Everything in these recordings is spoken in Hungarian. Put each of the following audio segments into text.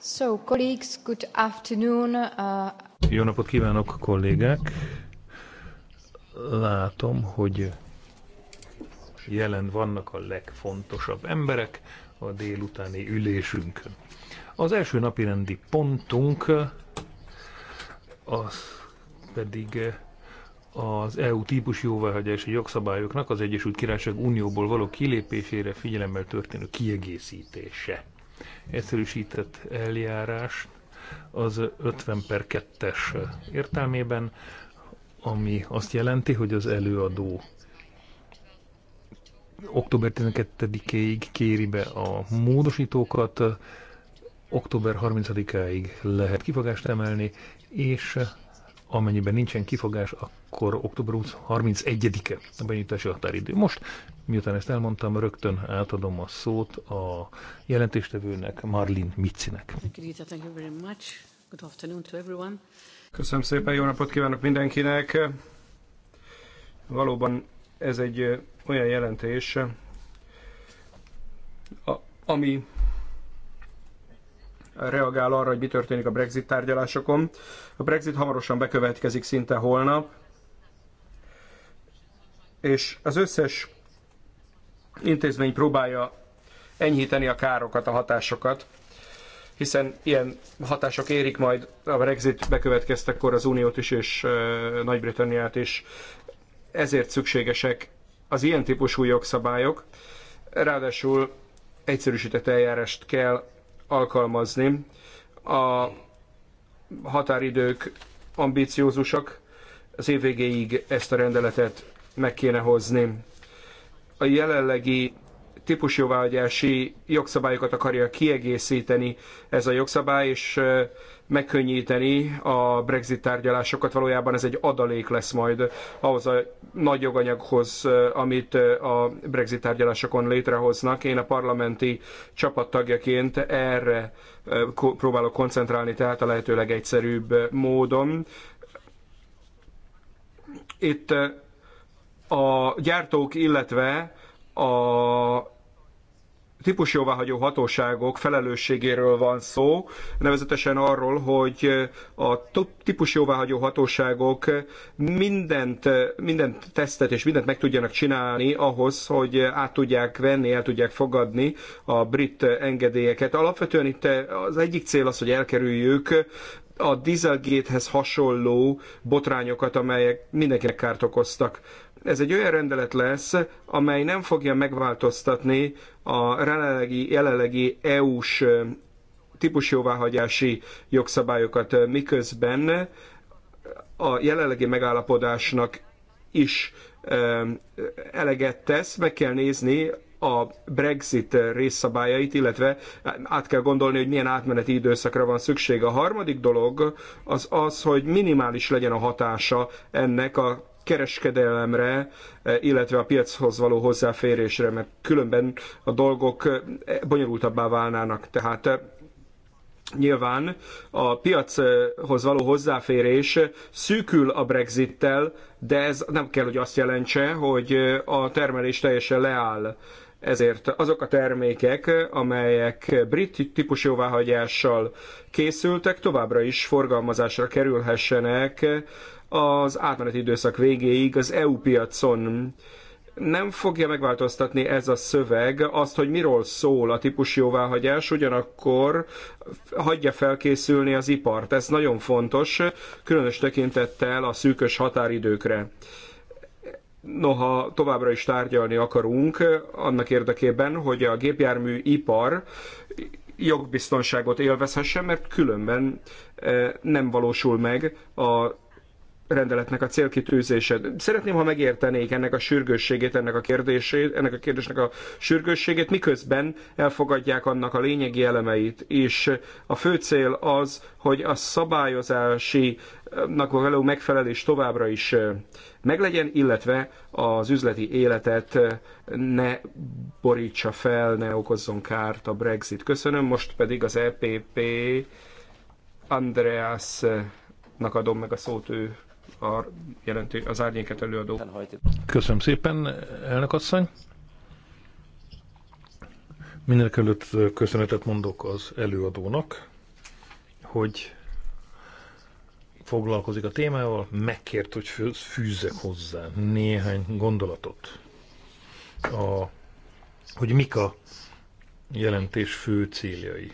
So, colleagues, good afternoon. Uh... Jó napot kívánok, kollégák! Látom, hogy jelen vannak a legfontosabb emberek a délutáni ülésünkön. Az első napi rendi pontunk az pedig az EU típus jóváhagyási jogszabályoknak az Egyesült Királyság Unióból való kilépésére figyelemmel történő kiegészítése egyszerűsített eljárás az 50 per 2-es értelmében, ami azt jelenti, hogy az előadó október 12-ig kéri be a módosítókat, október 30-áig lehet kifogást emelni, és amennyiben nincsen kifogás, akkor október 31-e a benyújtási határidő. Most, miután ezt elmondtam, rögtön átadom a szót a jelentéstevőnek, Marlin Mitzinek. Köszönöm szépen, jó napot kívánok mindenkinek! Valóban ez egy olyan jelentés, ami reagál arra, hogy mi történik a Brexit tárgyalásokon. A Brexit hamarosan bekövetkezik szinte holnap, és az összes intézmény próbálja enyhíteni a károkat, a hatásokat, hiszen ilyen hatások érik majd a Brexit bekövetkeztekkor az Uniót is és Nagy-Britanniát is. Ezért szükségesek az ilyen típusú jogszabályok. Ráadásul egyszerűsített eljárást kell alkalmazni. A határidők ambíciózusak, az év végéig ezt a rendeletet meg kéne hozni. A jelenlegi típusjóváhagyási jogszabályokat akarja kiegészíteni ez a jogszabály, és megkönnyíteni a Brexit tárgyalásokat. Valójában ez egy adalék lesz majd ahhoz a nagy joganyaghoz, amit a Brexit tárgyalásokon létrehoznak. Én a parlamenti csapattagjaként erre eh, próbálok koncentrálni, tehát a lehető legegyszerűbb módon. Itt eh, a gyártók, illetve a típusjóváhagyó hatóságok felelősségéről van szó, nevezetesen arról, hogy a típusjóváhagyó hatóságok mindent, mindent tesztet és mindent meg tudjanak csinálni ahhoz, hogy át tudják venni, el tudják fogadni a brit engedélyeket. Alapvetően itt az egyik cél az, hogy elkerüljük a Dieselgate-hez hasonló botrányokat, amelyek mindenkinek kárt okoztak ez egy olyan rendelet lesz, amely nem fogja megváltoztatni a jelenlegi, jelenlegi EU-s típusjóváhagyási jogszabályokat, miközben a jelenlegi megállapodásnak is eleget tesz, meg kell nézni a Brexit részszabályait, illetve át kell gondolni, hogy milyen átmeneti időszakra van szükség. A harmadik dolog az az, hogy minimális legyen a hatása ennek a kereskedelemre, eh, illetve a piachoz való hozzáférésre, mert különben a dolgok eh, bonyolultabbá válnának. Tehát eh, Nyilván a piachoz való hozzáférés szűkül a Brexittel, de ez nem kell, hogy azt jelentse, hogy a termelés teljesen leáll. Ezért azok a termékek, amelyek brit jóváhagyással készültek, továbbra is forgalmazásra kerülhessenek az átmeneti időszak végéig az EU piacon nem fogja megváltoztatni ez a szöveg azt, hogy miről szól a típus jóváhagyás, ugyanakkor hagyja felkészülni az ipart. Ez nagyon fontos, különös tekintettel a szűkös határidőkre. Noha továbbra is tárgyalni akarunk annak érdekében, hogy a gépjármű ipar jogbiztonságot élvezhessen, mert különben eh, nem valósul meg a rendeletnek a célkitűzése. Szeretném, ha megértenék ennek a sürgősségét, ennek a, kérdését, ennek a kérdésnek a sürgősségét, miközben elfogadják annak a lényegi elemeit. És a fő cél az, hogy a szabályozási való megfelelés továbbra is meglegyen, illetve az üzleti életet ne borítsa fel, ne okozzon kárt a Brexit. Köszönöm, most pedig az EPP Andreasnak adom meg a szót, ő a jelentő, az árnyéket előadó. Köszönöm szépen, elnök asszony. Mindenek előtt köszönetet mondok az előadónak, hogy foglalkozik a témával, megkért, hogy fűzzek hozzá néhány gondolatot. A, hogy mik a jelentés fő céljai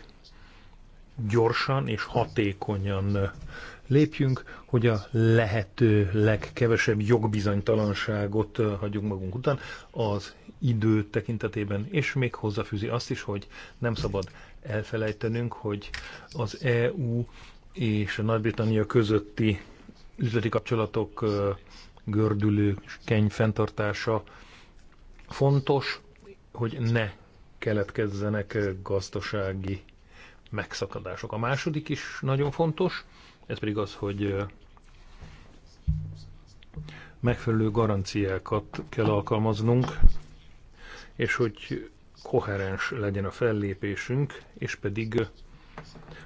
gyorsan és hatékonyan lépjünk, hogy a lehető legkevesebb jogbizonytalanságot hagyjunk magunk után az idő tekintetében, és még hozzáfűzi azt is, hogy nem szabad elfelejtenünk, hogy az EU és a Nagy-Britannia közötti üzleti kapcsolatok gördülő keny fenntartása fontos, hogy ne keletkezzenek gazdasági megszakadások. A második is nagyon fontos, ez pedig az, hogy megfelelő garanciákat kell alkalmaznunk, és hogy koherens legyen a fellépésünk, és pedig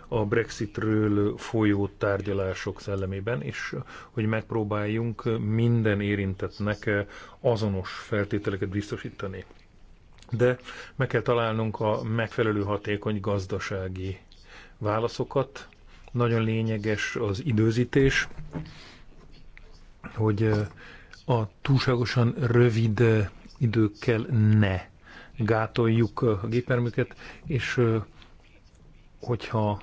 a Brexitről folyó tárgyalások szellemében, és hogy megpróbáljunk minden érintettnek azonos feltételeket biztosítani de meg kell találnunk a megfelelő hatékony gazdasági válaszokat. Nagyon lényeges az időzítés, hogy eh, a túlságosan rövid eh, időkkel ne gátoljuk eh, a gépjárműket, és hogyha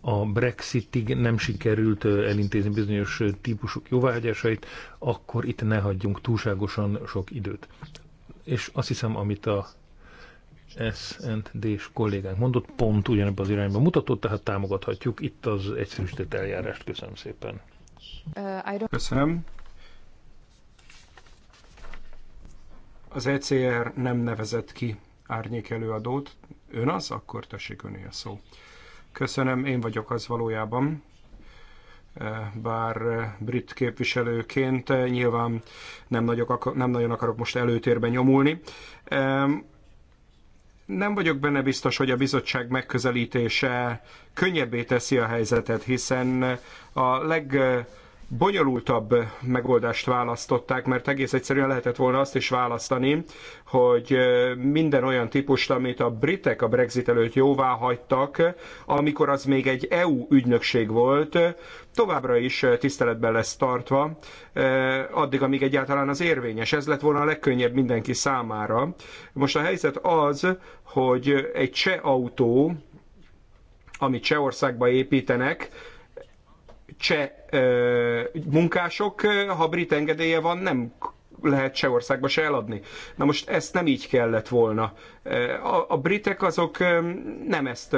a Brexitig nem sikerült elintézni bizonyos típusok jóváhagyásait, akkor itt ne hagyjunk túlságosan sok időt és azt hiszem, amit a SND-s kollégánk mondott, pont ugyanebben az irányba mutatott, tehát támogathatjuk itt az egyszerűsített eljárást. Köszönöm szépen. Uh, Köszönöm. Az ECR nem nevezett ki árnyék előadót. Ön az? Akkor tessék öné a szó. Köszönöm, én vagyok az valójában bár eh, brit képviselőként eh, nyilván nem, nagyok, nem nagyon akarok most előtérbe nyomulni. Nem vagyok benne biztos, hogy a bizottság megközelítése könnyebbé teszi a helyzetet, hiszen a leg bonyolultabb megoldást választották, mert egész egyszerűen lehetett volna azt is választani, hogy minden olyan típust, amit a britek a Brexit előtt jóvá hagytak, amikor az még egy EU ügynökség volt, továbbra is tiszteletben lesz tartva, addig, amíg egyáltalán az érvényes. Ez lett volna a legkönnyebb mindenki számára. Most a helyzet az, hogy egy cseh autó, amit Csehországba építenek, cseh munkások, ha brit engedélye van, nem lehet se országba se eladni. Na most ezt nem így kellett volna. A, a britek azok nem ezt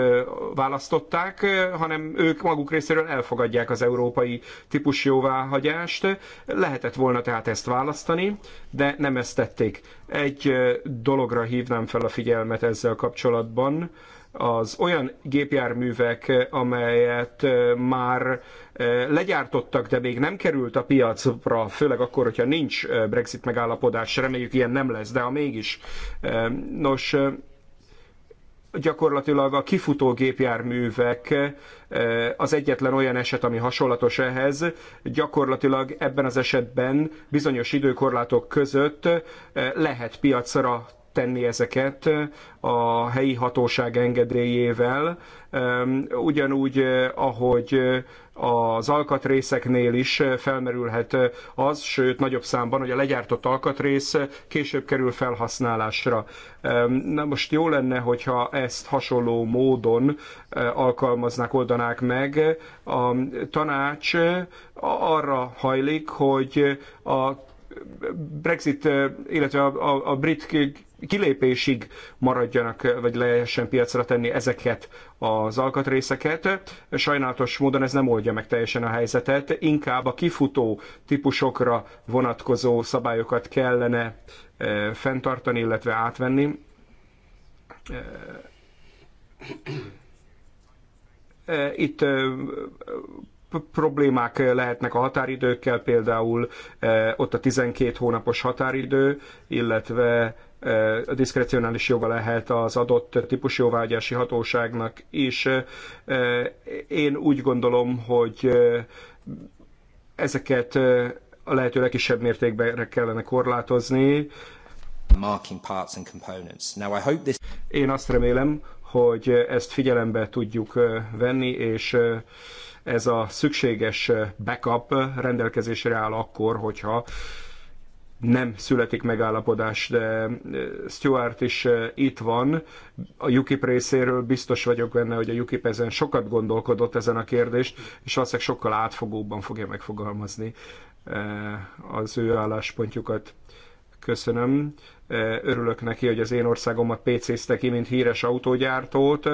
választották, hanem ők maguk részéről elfogadják az európai típus jóváhagyást. Lehetett volna tehát ezt választani, de nem ezt tették. Egy dologra hívnám fel a figyelmet ezzel kapcsolatban, az olyan gépjárművek, amelyet már legyártottak, de még nem került a piacra, főleg akkor, hogyha nincs Brexit megállapodás, reméljük ilyen nem lesz, de ha mégis. Nos, gyakorlatilag a kifutó gépjárművek az egyetlen olyan eset, ami hasonlatos ehhez. Gyakorlatilag ebben az esetben bizonyos időkorlátok között lehet piacra tenni ezeket eh, a helyi hatóság engedélyével, ugyanúgy, eh, ahogy eh, az alkatrészeknél is felmerülhet az, sőt nagyobb számban, hogy a legyártott alkatrész később kerül felhasználásra. Na most jó lenne, hogyha ezt hasonló módon alkalmaznák, oldanák meg. A tanács arra hajlik, hogy a Brexit, illetve a, a, a brit kilépésig maradjanak, vagy lehessen piacra tenni ezeket az alkatrészeket. Sajnálatos módon ez nem oldja meg teljesen a helyzetet, inkább a kifutó típusokra vonatkozó szabályokat kellene eh, fenntartani, illetve átvenni. Eh, eh, itt problémák lehetnek a határidőkkel, például ott a 12 hónapos határidő, illetve a diszkrecionális joga lehet az adott jóvágyási hatóságnak, és én úgy gondolom, hogy ezeket a lehető legkisebb mértékben kellene korlátozni. Marking parts and components. Now I hope this... Én azt remélem, hogy ezt figyelembe tudjuk venni, és ez a szükséges backup rendelkezésre áll akkor, hogyha nem születik megállapodás, de eh, Stuart is eh, itt van. A UKIP részéről biztos vagyok benne, hogy a UKIP ezen sokat gondolkodott ezen a kérdést, és valószínűleg sokkal átfogóbban fogja megfogalmazni eh, az ő álláspontjukat. Köszönöm. Örülök neki, hogy az én országomat PC-zte ki, mint híres autógyártót.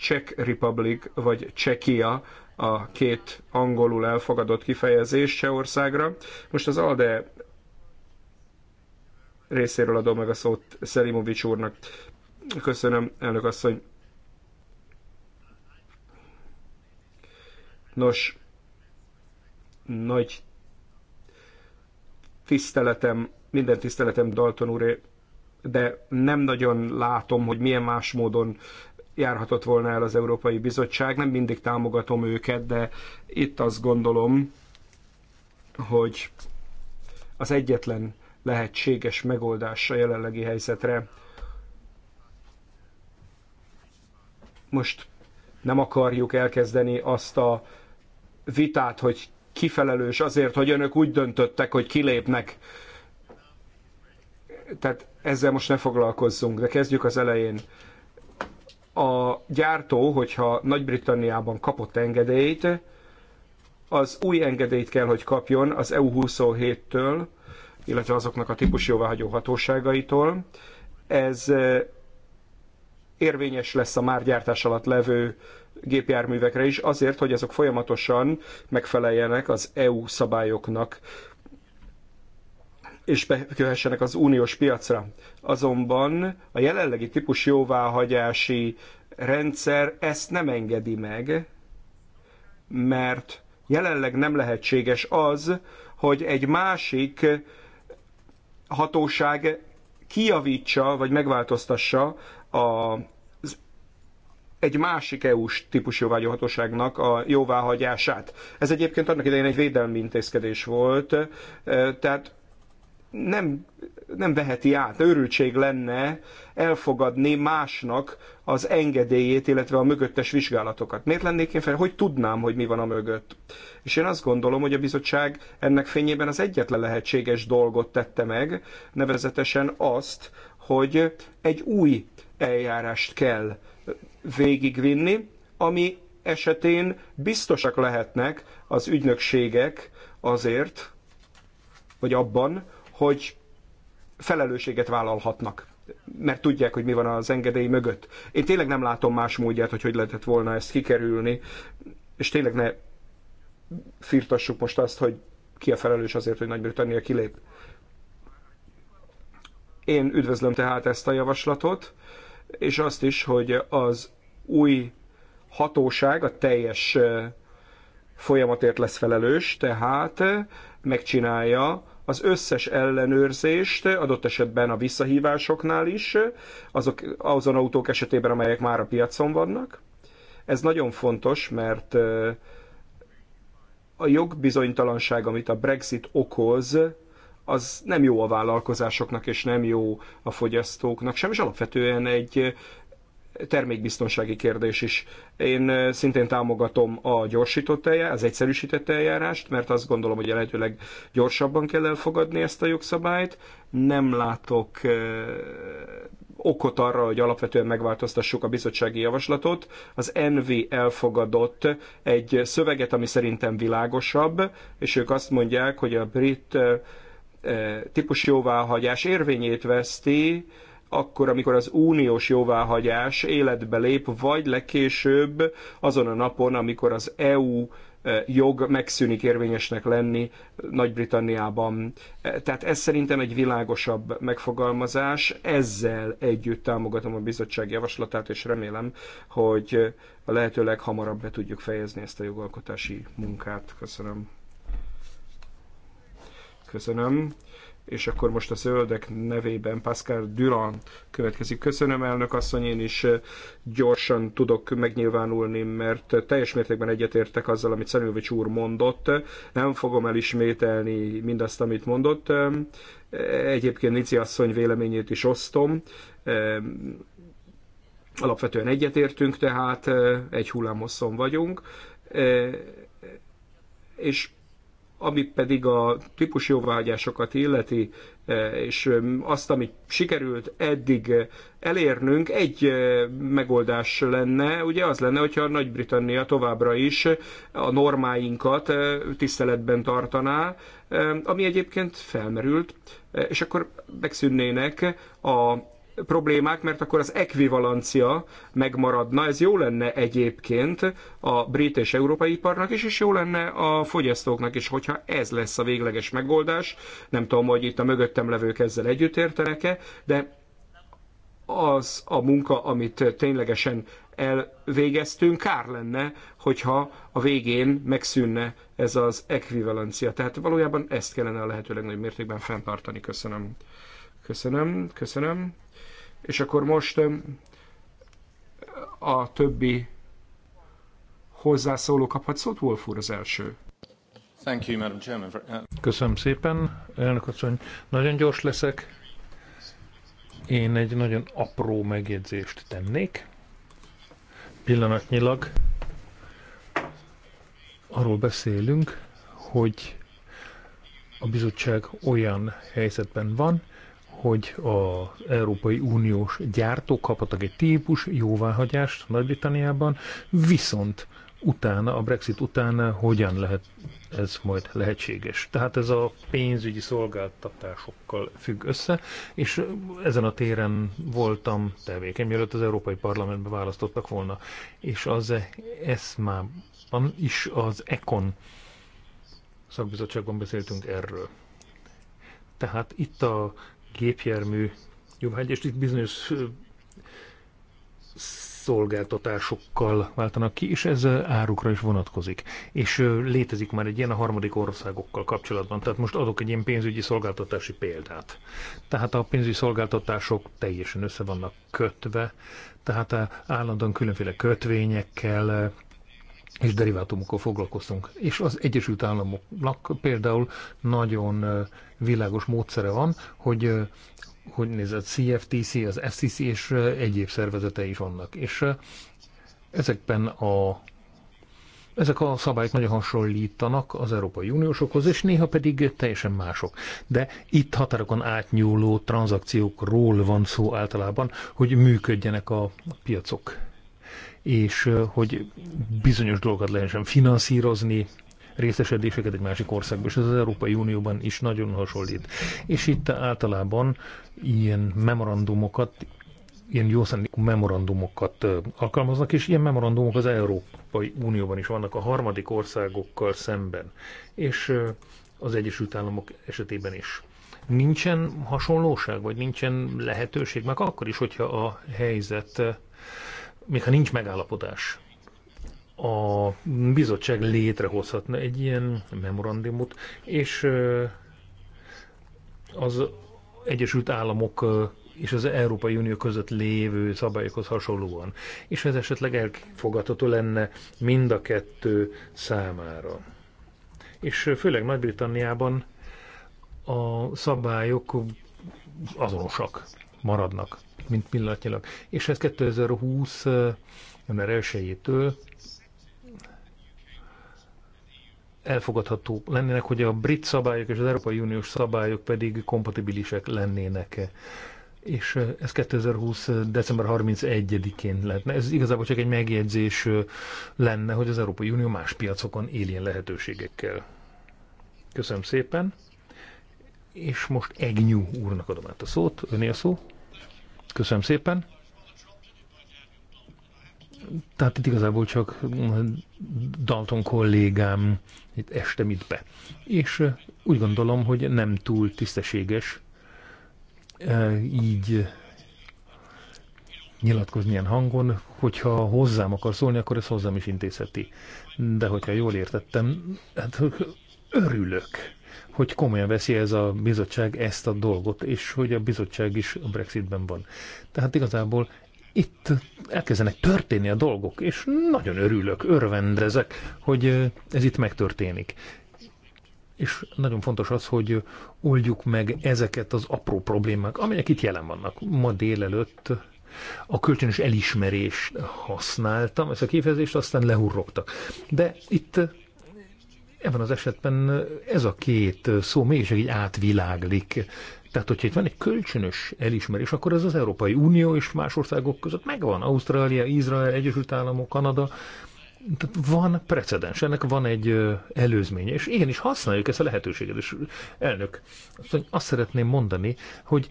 Czech Republic vagy Csekia a két angolul elfogadott kifejezés Csehországra. Most az ALDE részéről adom meg a szót Szelimovic úrnak. Köszönöm, elnök asszony. Nos, nagy tiszteletem, minden tiszteletem Dalton úré, de nem nagyon látom, hogy milyen más módon járhatott volna el az Európai Bizottság. Nem mindig támogatom őket, de itt azt gondolom, hogy az egyetlen lehetséges megoldás a jelenlegi helyzetre. Most nem akarjuk elkezdeni azt a vitát, hogy kifelelős azért, hogy önök úgy döntöttek, hogy kilépnek. Tehát ezzel most ne foglalkozzunk, de kezdjük az elején a gyártó, hogyha Nagy-Britanniában kapott engedélyt, az új engedélyt kell, hogy kapjon az EU27-től, illetve azoknak a típus jóváhagyó hatóságaitól. Ez eh, érvényes lesz a már gyártás alatt levő gépjárművekre is, azért, hogy azok folyamatosan megfeleljenek az EU szabályoknak és bekövessenek az uniós piacra. Azonban a jelenlegi típus jóváhagyási rendszer ezt nem engedi meg, mert jelenleg nem lehetséges az, hogy egy másik hatóság kijavítsa vagy megváltoztassa a, egy másik EU-s típusú jóváhagyóhatóságnak a jóváhagyását. Ez egyébként annak idején egy védelmi intézkedés volt, tehát nem, nem veheti át. Őrültség lenne elfogadni másnak az engedélyét, illetve a mögöttes vizsgálatokat. Miért lennék én fel? Hogy tudnám, hogy mi van a mögött? És én azt gondolom, hogy a bizottság ennek fényében az egyetlen lehetséges dolgot tette meg, nevezetesen azt, hogy egy új eljárást kell végigvinni, ami esetén biztosak lehetnek az ügynökségek azért, vagy abban, hogy felelősséget vállalhatnak mert tudják, hogy mi van az engedély mögött. Én tényleg nem látom más módját, hogy hogy lehetett volna ezt kikerülni, és tényleg ne firtassuk most azt, hogy ki a felelős azért, hogy Nagy-Britannia kilép. Én üdvözlöm tehát ezt a javaslatot, és azt is, hogy az új hatóság a teljes eh, folyamatért lesz felelős, tehát eh, megcsinálja az összes ellenőrzést, adott esetben a visszahívásoknál is, azok, azon autók esetében, amelyek már a piacon vannak. Ez nagyon fontos, mert eh, a jogbizonytalanság, amit a Brexit okoz, az nem jó a vállalkozásoknak, és nem jó a fogyasztóknak sem, és alapvetően egy termékbiztonsági kérdés is. Én szintén támogatom a gyorsított eljárást, az egyszerűsített eljárást, mert azt gondolom, hogy lehetőleg gyorsabban kell elfogadni ezt a jogszabályt. Nem látok okot arra, hogy alapvetően megváltoztassuk a bizottsági javaslatot. Az NV elfogadott egy szöveget, ami szerintem világosabb, és ők azt mondják, hogy a brit típusjóváhagyás érvényét veszti, akkor, amikor az uniós jóváhagyás életbe lép, vagy legkésőbb azon a napon, amikor az EU eh, jog megszűnik érvényesnek lenni Nagy-Britanniában. Eh, tehát ez szerintem egy világosabb megfogalmazás. Ezzel együtt támogatom a bizottság javaslatát, és remélem, hogy eh, a lehető leghamarabb be tudjuk fejezni ezt a jogalkotási munkát. Köszönöm. Köszönöm és akkor most a zöldek nevében Pascal Durand következik. Köszönöm, elnök asszony, én is eh, gyorsan tudok megnyilvánulni, mert eh, teljes mértékben egyetértek azzal, amit Szenővics úr mondott. Nem fogom elismételni mindazt, amit mondott. Eh, egyébként Nici asszony véleményét is osztom. Alapvetően egyetértünk, tehát egy hullámhosszon vagyunk. És ami pedig a típus jóvágyásokat illeti, e, és azt, amit sikerült eddig e, elérnünk, egy e, megoldás lenne, ugye az lenne, hogyha Nagy-Britannia továbbra is a normáinkat tiszteletben tartaná, ami egyébként felmerült, és akkor megszűnnének a problémák, mert akkor az ekvivalencia megmaradna. Ez jó lenne egyébként a brit és európai iparnak is, és jó lenne a fogyasztóknak is, hogyha ez lesz a végleges megoldás. Nem tudom, hogy itt a mögöttem levők ezzel együtt értenek-e, de az a munka, amit ténylegesen elvégeztünk, kár lenne, hogyha a végén megszűnne ez az ekvivalencia. Tehát valójában ezt kellene a lehető legnagyobb mértékben fenntartani. Köszönöm. Köszönöm, köszönöm. És akkor most a többi hozzászóló kaphat szót, Wolf úr az első. Thank you, Madam Chairman. Uh, Köszönöm szépen, elnök asszony. Nagyon gyors leszek. Én egy nagyon apró megjegyzést tennék. Pillanatnyilag arról beszélünk, hogy a bizottság olyan helyzetben van, hogy az Európai Uniós gyártók kaptak egy típus jóváhagyást Nagy-Britanniában, viszont utána, a Brexit után hogyan lehet ez majd lehetséges. Tehát ez a pénzügyi szolgáltatásokkal függ össze, és ezen a téren voltam tevékeny, mielőtt az Európai Parlamentbe választottak volna, és az ESMA-ban is az ECON szakbizottságban beszéltünk erről. Tehát itt a gépjármű jobbhágy, és itt bizonyos szolgáltatásokkal váltanak ki, és ez árukra is vonatkozik. És létezik már egy ilyen a harmadik országokkal kapcsolatban. Tehát most adok egy ilyen pénzügyi szolgáltatási példát. Tehát a pénzügyi szolgáltatások teljesen össze vannak kötve, tehát állandóan különféle kötvényekkel, és derivátumokkal foglalkoztunk. És az Egyesült Államoknak például nagyon világos módszere van, hogy hogy nézett CFTC, az FCC és egyéb szervezetei is vannak. És ezekben a ezek a szabályok nagyon hasonlítanak az Európai Uniósokhoz, és néha pedig teljesen mások. De itt határokon átnyúló tranzakciókról van szó általában, hogy működjenek a piacok és hogy bizonyos dolgokat lehessen finanszírozni, részesedéseket egy másik országban, és ez az Európai Unióban is nagyon hasonlít. És itt általában ilyen memorandumokat, ilyen jószándékú memorandumokat alkalmaznak, és ilyen memorandumok az Európai Unióban is vannak a harmadik országokkal szemben, és az Egyesült Államok esetében is. Nincsen hasonlóság, vagy nincsen lehetőség, meg akkor is, hogyha a helyzet még ha nincs megállapodás, a bizottság létrehozhatna egy ilyen memorandumot, és az Egyesült Államok és az Európai Unió között lévő szabályokhoz hasonlóan. És ez esetleg elfogadható lenne mind a kettő számára. És főleg Nagy-Britanniában a szabályok azonosak maradnak mint pillanatnyilag. És ez 2020. január 1 elfogadható lennének, hogy a brit szabályok és az Európai Uniós szabályok pedig kompatibilisek lennének. És ez 2020. december 31-én lehetne. Ez igazából csak egy megjegyzés lenne, hogy az Európai Unió más piacokon éljen lehetőségekkel. Köszönöm szépen. És most Egnyú úrnak adom át a szót. Öné a szó. Köszönöm szépen. Tehát itt igazából csak Dalton kollégám itt este mit be. És úgy gondolom, hogy nem túl tisztességes így nyilatkozni ilyen hangon, hogyha hozzám akar szólni, akkor ez hozzám is intézheti. De hogyha jól értettem, hát örülök hogy komolyan veszi ez a bizottság ezt a dolgot, és hogy a bizottság is a Brexitben van. Tehát igazából itt elkezdenek történni a dolgok, és nagyon örülök, örvendezek, hogy eh, ez itt megtörténik. És nagyon fontos az, hogy oldjuk meg ezeket az apró problémák, amelyek itt jelen vannak. Ma délelőtt a kölcsönös elismerést használtam, ezt a kifejezést aztán lehurrogtak. De itt ebben az esetben ez a két szó mégis így átviláglik. Tehát, hogyha itt van egy kölcsönös elismerés, akkor ez az Európai Unió és más országok között megvan. Ausztrália, Izrael, Egyesült Államok, Kanada. Tehát van precedens, ennek van egy előzménye, és igenis használjuk ezt a lehetőséget. És elnök, azt szeretném mondani, hogy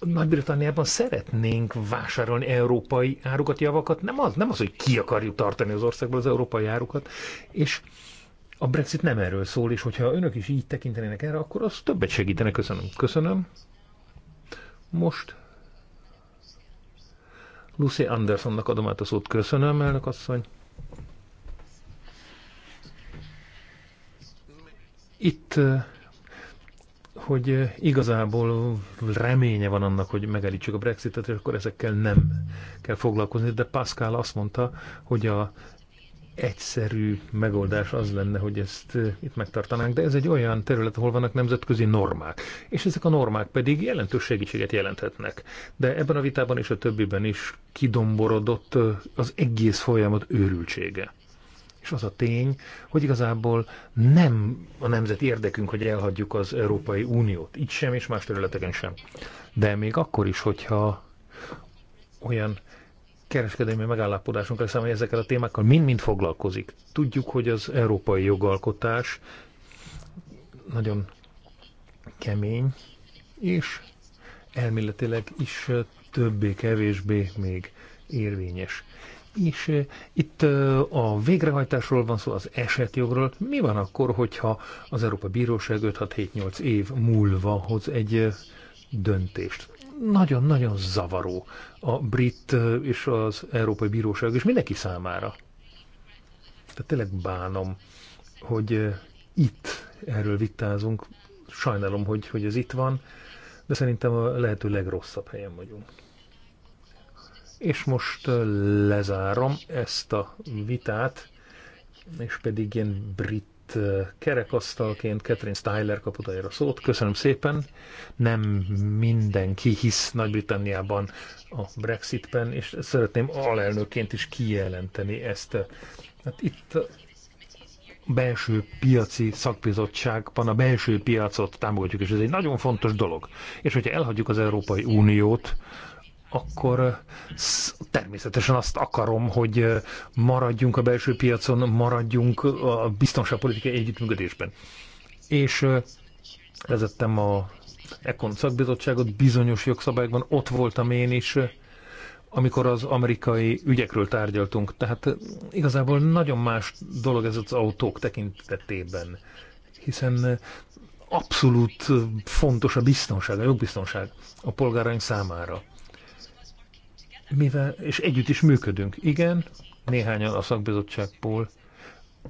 nagy-Britanniában szeretnénk vásárolni európai árukat, javakat, nem az, nem az, hogy ki akarjuk tartani az országból az európai árukat, és a Brexit nem erről szól, és hogyha önök is így tekintenének erre, akkor az többet segítene. Köszönöm. Köszönöm. Most Lucy Andersonnak adom át a szót. Köszönöm, elnök asszony. Itt, eh, hogy eh, igazából reménye van annak, hogy megelítsük a Brexitet, és akkor ezekkel nem kell foglalkozni, de Pascal azt mondta, hogy a egyszerű megoldás az lenne, hogy ezt eh, itt megtartanánk, de ez egy olyan terület, ahol vannak nemzetközi normák, és ezek a normák pedig jelentős segítséget jelenthetnek. De ebben a vitában és a többiben is kidomborodott eh, az egész folyamat őrültsége. És az a tény, hogy igazából nem a nemzet érdekünk, hogy elhagyjuk az Európai Uniót. Itt sem és más területeken sem. De még akkor is, hogyha olyan kereskedelmi megállapodásunk lesz, amely ezekkel a témákkal mind-mind foglalkozik. Tudjuk, hogy az európai jogalkotás nagyon kemény, és elméletileg is többé-kevésbé még érvényes. És eh, itt eh, a végrehajtásról van szó, az esetjogról. Mi van akkor, hogyha az Európa Bíróság 5-6-7-8 év múlva hoz egy eh, döntést? nagyon-nagyon zavaró a brit és az Európai Bíróság, és mindenki számára. Tehát tényleg bánom, hogy itt erről vitázunk. Sajnálom, hogy, hogy ez itt van, de szerintem a lehető legrosszabb helyen vagyunk. És most lezárom ezt a vitát, és pedig ilyen brit itt kerekasztalként Catherine Styler kapott erre szót. Köszönöm szépen. Nem mindenki hisz Nagy-Britanniában a Brexitben, és szeretném alelnökként is kijelenteni ezt. Hát itt belső piaci szakbizottságban a belső piacot támogatjuk, és ez egy nagyon fontos dolog. És hogyha elhagyjuk az Európai Uniót, akkor természetesen azt akarom, hogy maradjunk a belső piacon, maradjunk a biztonságpolitikai együttműködésben. És vezettem a Econ szakbizottságot bizonyos jogszabályokban, ott voltam én is, amikor az amerikai ügyekről tárgyaltunk. Tehát igazából nagyon más dolog ez az autók tekintetében, hiszen abszolút fontos a biztonság, a jogbiztonság a polgáraink számára mivel, és együtt is működünk. Igen, néhányan a szakbizottságból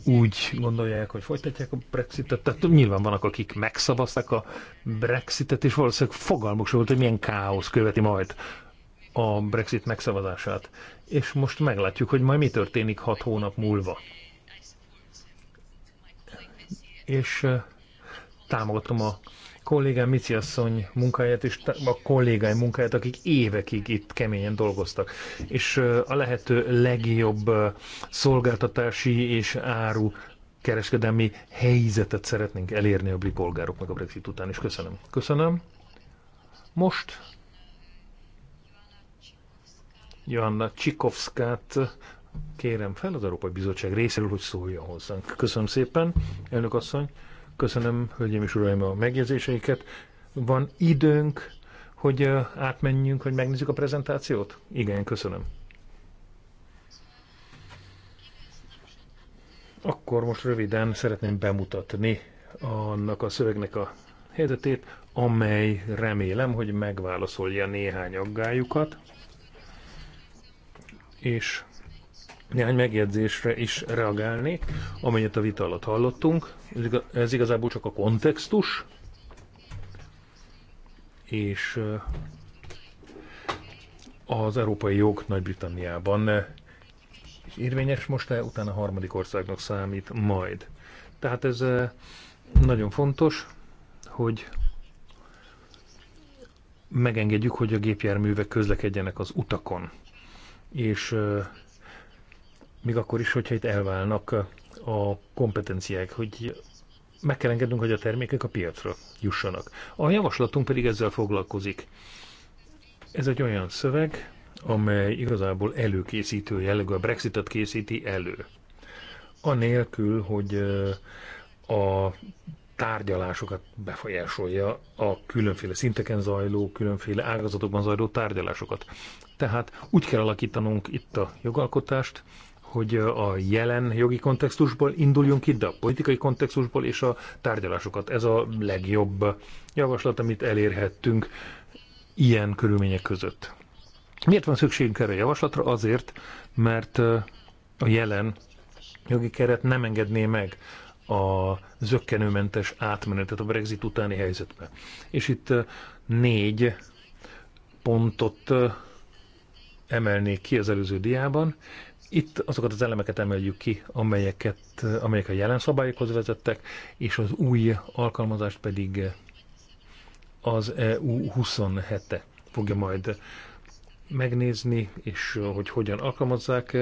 úgy gondolják, hogy folytatják a Brexitet, tehát nyilván vannak, akik megszavazták a Brexitet, és valószínűleg fogalmuk sem volt, hogy milyen káosz követi majd a Brexit megszavazását. És most meglátjuk, hogy majd mi történik hat hónap múlva. És eh, támogatom a kollégám Mici asszony munkáját és a kollégáim munkáját, akik évekig itt keményen dolgoztak. És a lehető legjobb szolgáltatási és áru kereskedelmi helyzetet szeretnénk elérni a brit polgároknak a Brexit után is. Köszönöm. Köszönöm. Most Joanna Csikovszkát kérem fel az Európai Bizottság részéről, hogy szóljon hozzánk. Köszönöm szépen, elnök asszony. Köszönöm, hölgyeim és uraim, a megjegyzéseiket. Van időnk, hogy átmenjünk, hogy megnézzük a prezentációt? Igen, köszönöm. Akkor most röviden szeretném bemutatni annak a szövegnek a helyzetét, amely remélem, hogy megválaszolja néhány aggályukat, és néhány megjegyzésre is reagálnék, amelyet a vita alatt hallottunk. Ez igazából csak a kontextus, és az európai jog Nagy-Britanniában érvényes most, e utána a harmadik országnak számít majd. Tehát ez nagyon fontos, hogy megengedjük, hogy a gépjárművek közlekedjenek az utakon. És még akkor is, hogyha itt elválnak uh, a kompetenciák, hogy meg kell engednünk, hogy a termékek a piacra jussanak. A javaslatunk pedig ezzel foglalkozik. Ez egy olyan szöveg, amely igazából előkészítő jellegű, a Brexitet készíti elő. Anélkül, hogy uh, a tárgyalásokat befolyásolja a különféle szinteken zajló, különféle ágazatokban zajló tárgyalásokat. Tehát úgy kell alakítanunk itt a jogalkotást, hogy a jelen jogi kontextusból induljunk ki, de a politikai kontextusból és a tárgyalásokat. Ez a legjobb javaslat, amit elérhettünk ilyen körülmények között. Miért van szükségünk erre a javaslatra? Azért, mert a jelen jogi keret nem engedné meg a zöggenőmentes átmenetet a Brexit utáni helyzetbe. És itt négy pontot emelnék ki az előző diában. Itt azokat az elemeket emeljük ki, amelyeket, amelyek a jelen szabályokhoz vezettek, és az új alkalmazást pedig az EU 27-e fogja majd megnézni, és hogy hogyan alkalmazzák,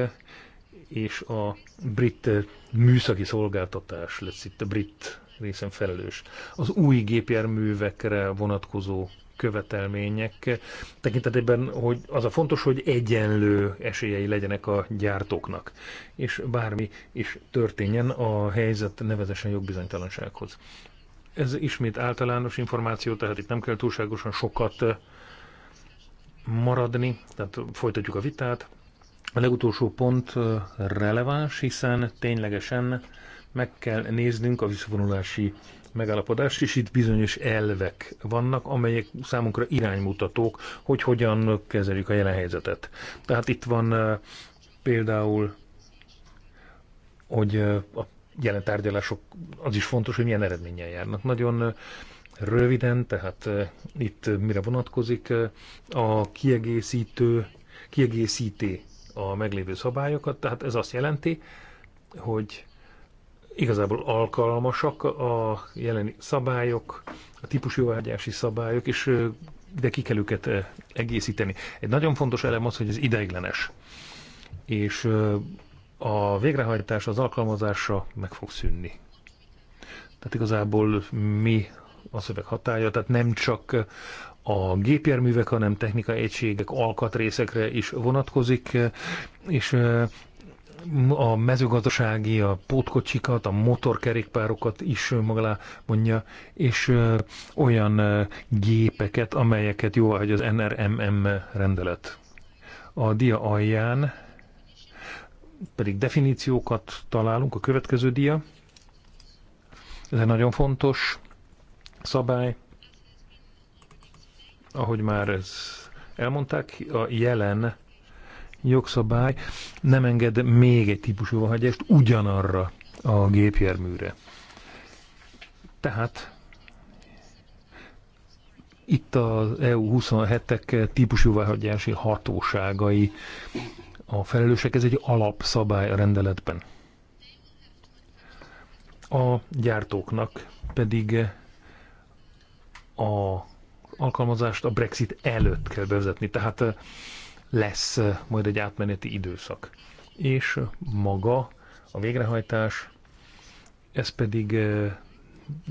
és a brit műszaki szolgáltatás lesz itt a brit részen felelős. Az új gépjárművekre vonatkozó követelmények tekintetében, hogy az a fontos, hogy egyenlő esélyei legyenek a gyártóknak, és bármi is történjen a helyzet nevezesen jogbizonytalansághoz. Ez ismét általános információ, tehát itt nem kell túlságosan sokat eh, maradni, tehát folytatjuk a vitát. A legutolsó pont eh, releváns, hiszen ténylegesen meg kell néznünk a visszavonulási megállapodást, és itt bizonyos elvek vannak, amelyek számunkra iránymutatók, hogy hogyan kezeljük a jelen helyzetet. Tehát itt van például, hogy a jelen tárgyalások, az is fontos, hogy milyen eredménnyel járnak. Nagyon röviden, tehát itt mire vonatkozik a kiegészítő, kiegészíti a meglévő szabályokat, tehát ez azt jelenti, hogy igazából alkalmasak a jeleni szabályok, a típusjóvágyási szabályok, és de ki kell őket egészíteni. Egy nagyon fontos elem az, hogy ez ideiglenes. És a végrehajtás, az alkalmazása meg fog szűnni. Tehát igazából mi a szöveg hatája, tehát nem csak a gépjárművek, hanem technikai egységek, alkatrészekre is vonatkozik, és a mezőgazdasági, a pótkocsikat, a motorkerékpárokat is maga mondja, és olyan gépeket, amelyeket jóvá hagy az NRMM rendelet. A dia alján pedig definíciókat találunk, a következő dia. Ez egy nagyon fontos szabály, ahogy már ez elmondták, a jelen jogszabály nem enged még egy típusú vahagyást ugyanarra a gépjárműre. Tehát itt az EU 27-ek típusú vahagyási hatóságai a felelősek, ez egy alapszabály a rendeletben. A gyártóknak pedig a alkalmazást a Brexit előtt kell bevezetni. Tehát lesz majd egy átmeneti időszak. És maga a végrehajtás, ez pedig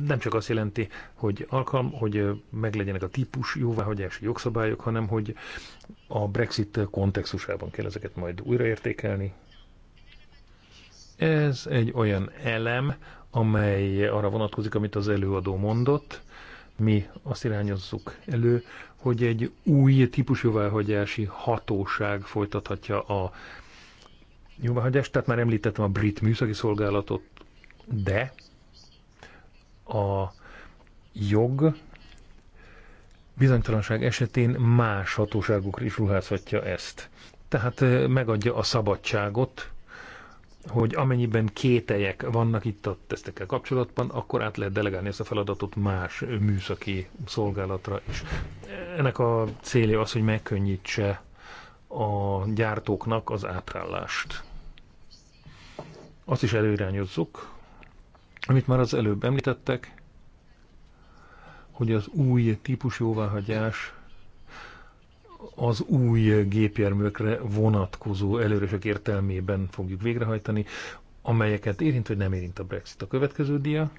nem csak azt jelenti, hogy alkalm, hogy meglegyenek a típus jóváhagyási jogszabályok, hanem hogy a Brexit kontextusában kell ezeket majd újraértékelni. Ez egy olyan elem, amely arra vonatkozik, amit az előadó mondott. Mi azt irányozzuk elő, hogy egy új típusjóváhagyási hatóság folytathatja a jóváhagyást, tehát már említettem a brit műszaki szolgálatot, de a jog bizonytalanság esetén más hatóságokra is ruházhatja ezt. Tehát eh, megadja a szabadságot hogy amennyiben kételyek vannak itt a tesztekkel kapcsolatban, akkor át lehet delegálni ezt a feladatot más műszaki szolgálatra is. Ennek a célja az, hogy megkönnyítse a gyártóknak az átállást. Azt is előirányozzuk, amit már az előbb említettek, hogy az új típusjóváhagyás jóváhagyás az új gépjárműkre vonatkozó előrösök értelmében fogjuk végrehajtani, amelyeket érint vagy nem érint a Brexit. A következő dia.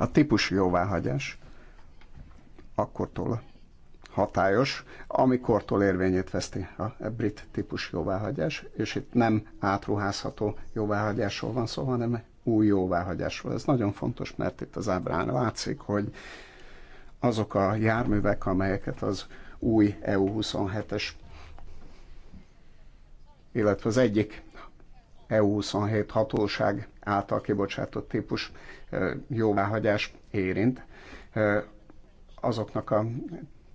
A típusú jóváhagyás akkortól hatályos, amikortól érvényét veszti a brit típus jóváhagyás, és itt nem átruházható jóváhagyásról van szó, hanem új jóváhagyásról. Ez nagyon fontos, mert itt az ábrán látszik, hogy azok a járművek, amelyeket az új EU27-es, illetve az egyik EU27 hatóság által kibocsátott típus jóváhagyás érint, azoknak a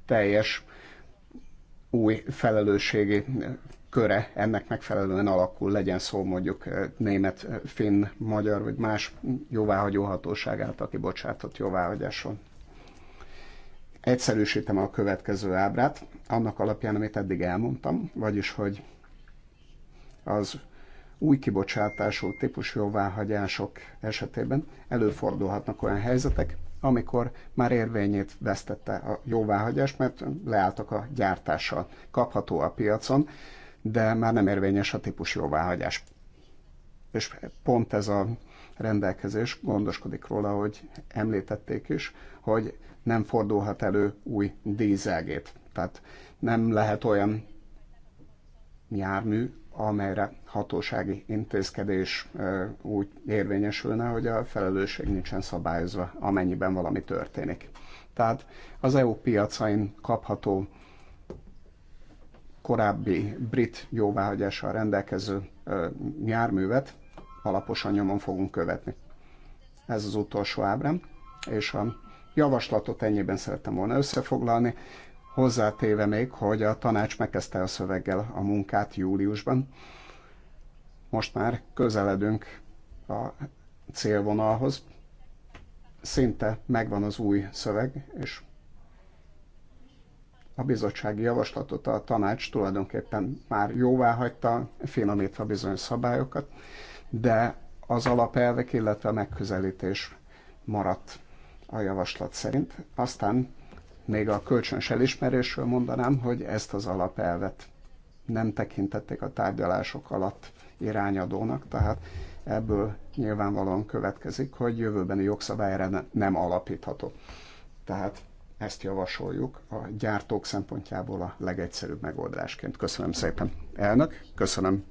teljes új felelősségi köre ennek megfelelően alakul, legyen szó mondjuk német, finn, magyar vagy más jóváhagyó hatóság által kibocsátott jóváhagyáson. Egyszerűsítem a következő ábrát, annak alapján, amit eddig elmondtam, vagyis, hogy az új kibocsátású típusú jóváhagyások esetében előfordulhatnak olyan helyzetek, amikor már érvényét vesztette a jóváhagyás, mert leálltak a gyártással. Kapható a piacon, de már nem érvényes a típus jóváhagyás. És pont ez a rendelkezés gondoskodik róla, hogy említették is, hogy nem fordulhat elő új dízelgét. Tehát nem lehet olyan jármű, amelyre hatósági intézkedés úgy érvényesülne, hogy a felelősség nincsen szabályozva, amennyiben valami történik. Tehát az EU piacain kapható korábbi brit jóváhagyással rendelkező járművet alaposan nyomon fogunk követni. Ez az utolsó ábrám, és a javaslatot ennyiben szerettem volna összefoglalni, hozzátéve még, hogy a tanács megkezdte a szöveggel a munkát júliusban. Most már közeledünk a célvonalhoz, szinte megvan az új szöveg, és a bizottsági javaslatot a tanács tulajdonképpen már jóvá hagyta, finomítva bizonyos szabályokat, de az alapelvek, illetve a megközelítés maradt a javaslat szerint. Aztán még a kölcsönös elismerésről mondanám, hogy ezt az alapelvet nem tekintették a tárgyalások alatt irányadónak, tehát ebből nyilvánvalóan következik, hogy jövőbeni jogszabályra nem alapítható. Tehát ezt javasoljuk a gyártók szempontjából a legegyszerűbb megoldásként. Köszönöm szépen, elnök, köszönöm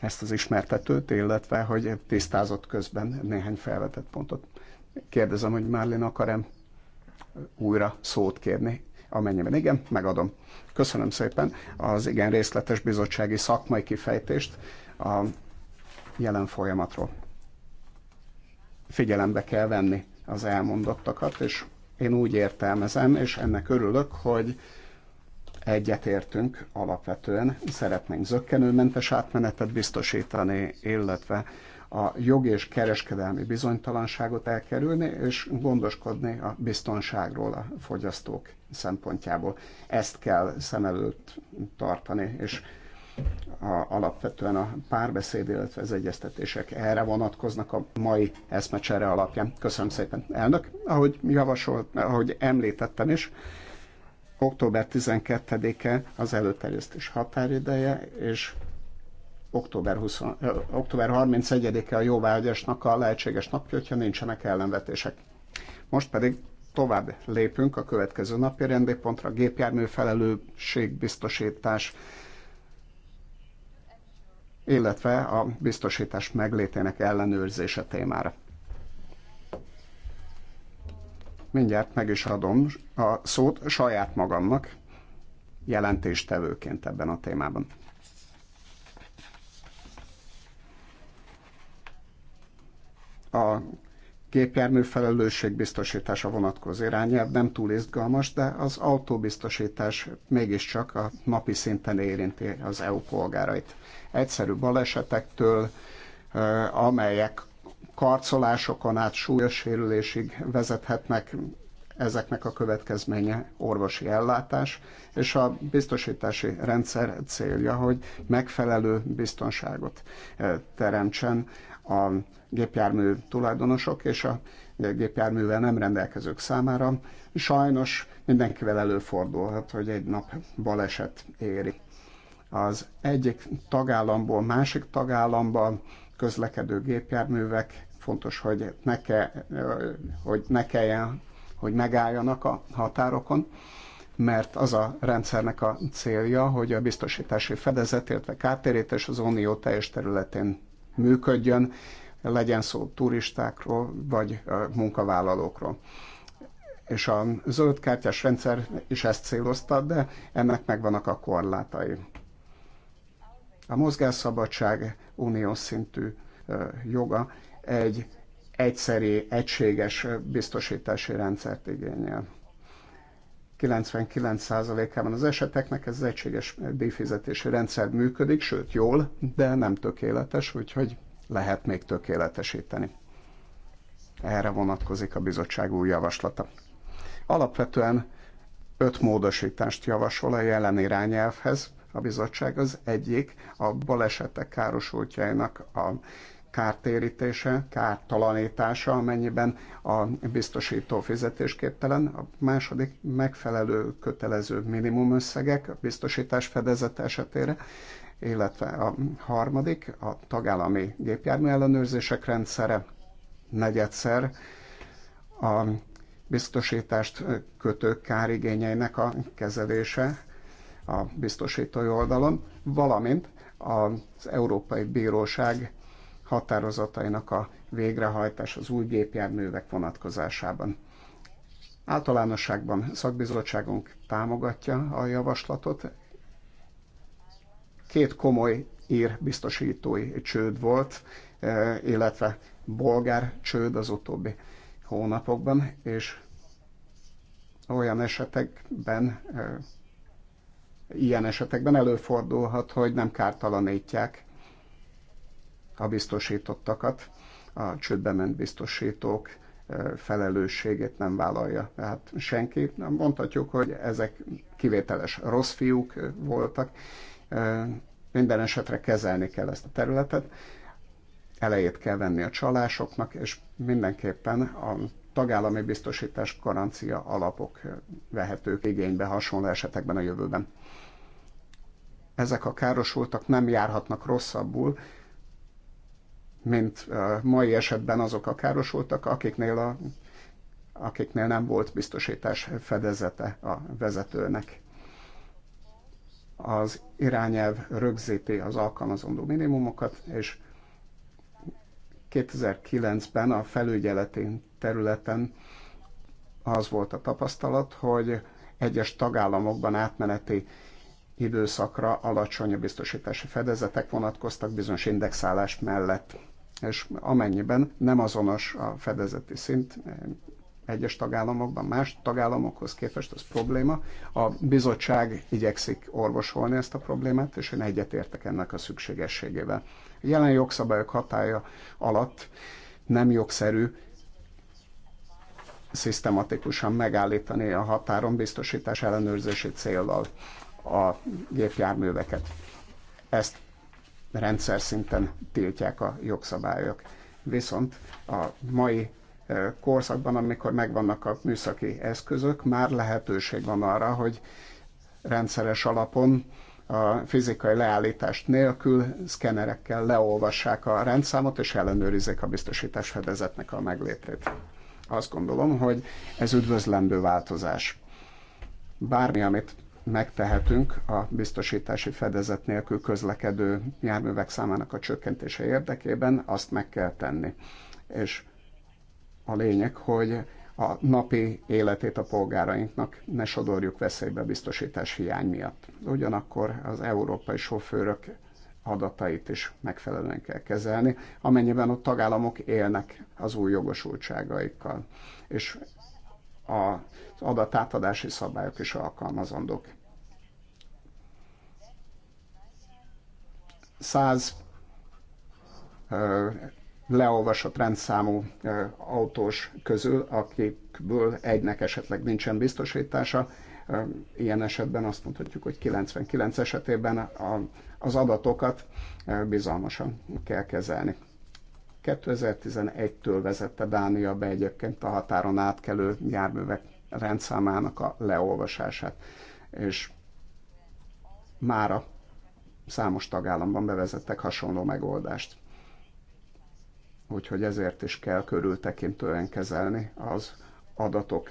ezt az ismertetőt, illetve hogy tisztázott közben néhány felvetett pontot. Kérdezem, hogy Márlin akar-e újra szót kérni. Amennyiben igen, megadom. Köszönöm szépen az igen részletes bizottsági szakmai kifejtést a jelen folyamatról. Figyelembe kell venni az elmondottakat, és én úgy értelmezem, és ennek örülök, hogy egyetértünk alapvetően, szeretnénk zöggenőmentes átmenetet biztosítani, illetve a jogi és kereskedelmi bizonytalanságot elkerülni, és gondoskodni a biztonságról a fogyasztók szempontjából. Ezt kell szem előtt tartani, és a, alapvetően a párbeszéd, illetve az egyeztetések erre vonatkoznak a mai eszmecsere alapján. Köszönöm szépen, elnök. Ahogy javasolt, ahogy említettem is, október 12-e az előterjesztés határideje, és október, 20, ö, október 31-e a jóváhagyásnak a lehetséges napja, hogyha nincsenek ellenvetések. Most pedig tovább lépünk a következő napi rendépontra, gépjármű felelősség biztosítás, illetve a biztosítás meglétének ellenőrzése témára. Mindjárt meg is adom a szót saját magamnak jelentéstevőként ebben a témában. A gépjármű biztosítása vonatkozó irányelv nem túl izgalmas, de az autóbiztosítás mégiscsak a napi szinten érinti az EU polgárait. Egyszerű balesetektől, amelyek karcolásokon át súlyos sérülésig vezethetnek, ezeknek a következménye orvosi ellátás, és a biztosítási rendszer célja, hogy megfelelő biztonságot teremtsen a gépjármű tulajdonosok és a gépjárművel nem rendelkezők számára. Sajnos mindenkivel előfordulhat, hogy egy nap baleset éri. Az egyik tagállamból másik tagállamba közlekedő gépjárművek fontos, hogy ne, ke, hogy ne kelljen, hogy megálljanak a határokon, mert az a rendszernek a célja, hogy a biztosítási fedezet, illetve kártérítés az unió teljes területén működjön, legyen szó turistákról vagy munkavállalókról. És a zöldkártyás rendszer is ezt célozta, de ennek megvannak a korlátai. A mozgásszabadság uniós szintű joga egy egyszeri, egységes biztosítási rendszert igényel. 99%-ában az eseteknek ez az egységes díjfizetési rendszer működik, sőt jól, de nem tökéletes, úgyhogy lehet még tökéletesíteni. Erre vonatkozik a bizottság új javaslata. Alapvetően öt módosítást javasol a jelen irányelvhez. A bizottság az egyik a balesetek károsultjainak a kártérítése, kártalanítása, amennyiben a biztosító fizetésképtelen, a második megfelelő kötelező minimumösszegek a biztosítás fedezete esetére, illetve a harmadik a tagállami gépjármű ellenőrzések rendszere, negyedszer a biztosítást kötő kárigényeinek a kezelése a biztosítói oldalon, valamint az Európai Bíróság határozatainak a végrehajtás az új gépjárművek vonatkozásában. Általánosságban szakbizottságunk támogatja a javaslatot. Két komoly ír biztosítói csőd volt, e, illetve bolgár csőd az utóbbi hónapokban, és olyan esetekben, e, ilyen esetekben előfordulhat, hogy nem kártalanítják a biztosítottakat, a csődbe ment biztosítók eh, felelősségét nem vállalja. Tehát senki. Mondhatjuk, hogy ezek kivételes rossz fiúk eh, voltak. Eh, minden esetre kezelni kell ezt a területet. Elejét kell venni a csalásoknak, és mindenképpen a tagállami biztosítás garancia alapok vehetők igénybe hasonló esetekben a jövőben. Ezek a károsultak nem járhatnak rosszabbul, mint mai esetben azok a károsultak, akiknél, a, akiknél nem volt biztosítás fedezete a vezetőnek. Az irányelv rögzíti az alkalmazandó minimumokat, és 2009-ben a felügyeleti területen az volt a tapasztalat, hogy egyes tagállamokban átmeneti időszakra alacsony a biztosítási fedezetek vonatkoztak bizonyos indexálás mellett és amennyiben nem azonos a fedezeti szint eh, egyes tagállamokban, más tagállamokhoz képest az probléma. A bizottság igyekszik orvosolni ezt a problémát, és én egyetértek ennek a szükségességével. A jelen jogszabályok hatája alatt nem jogszerű szisztematikusan megállítani a határon biztosítás ellenőrzési céllal a gépjárműveket. Ezt rendszer szinten tiltják a jogszabályok. Viszont a mai korszakban, amikor megvannak a műszaki eszközök, már lehetőség van arra, hogy rendszeres alapon a fizikai leállítást nélkül szkenerekkel leolvassák a rendszámot, és ellenőrizzék a biztosítás fedezetnek a meglétét. Azt gondolom, hogy ez üdvözlendő változás. Bármi, amit megtehetünk a biztosítási fedezet nélkül közlekedő járművek számának a csökkentése érdekében, azt meg kell tenni. És a lényeg, hogy a napi életét a polgárainknak ne sodorjuk veszélybe a biztosítás hiány miatt. Ugyanakkor az európai sofőrök adatait is megfelelően kell kezelni, amennyiben ott tagállamok élnek az új jogosultságaikkal. És az adatátadási szabályok is alkalmazandók. 100 leolvasott rendszámú autós közül, akikből egynek esetleg nincsen biztosítása, ilyen esetben azt mondhatjuk, hogy 99 esetében az adatokat bizalmasan kell kezelni. 2011-től vezette Dánia be egyébként a határon átkelő járművek rendszámának a leolvasását, és mára számos tagállamban bevezettek hasonló megoldást. Úgyhogy ezért is kell körültekintően kezelni az adatok,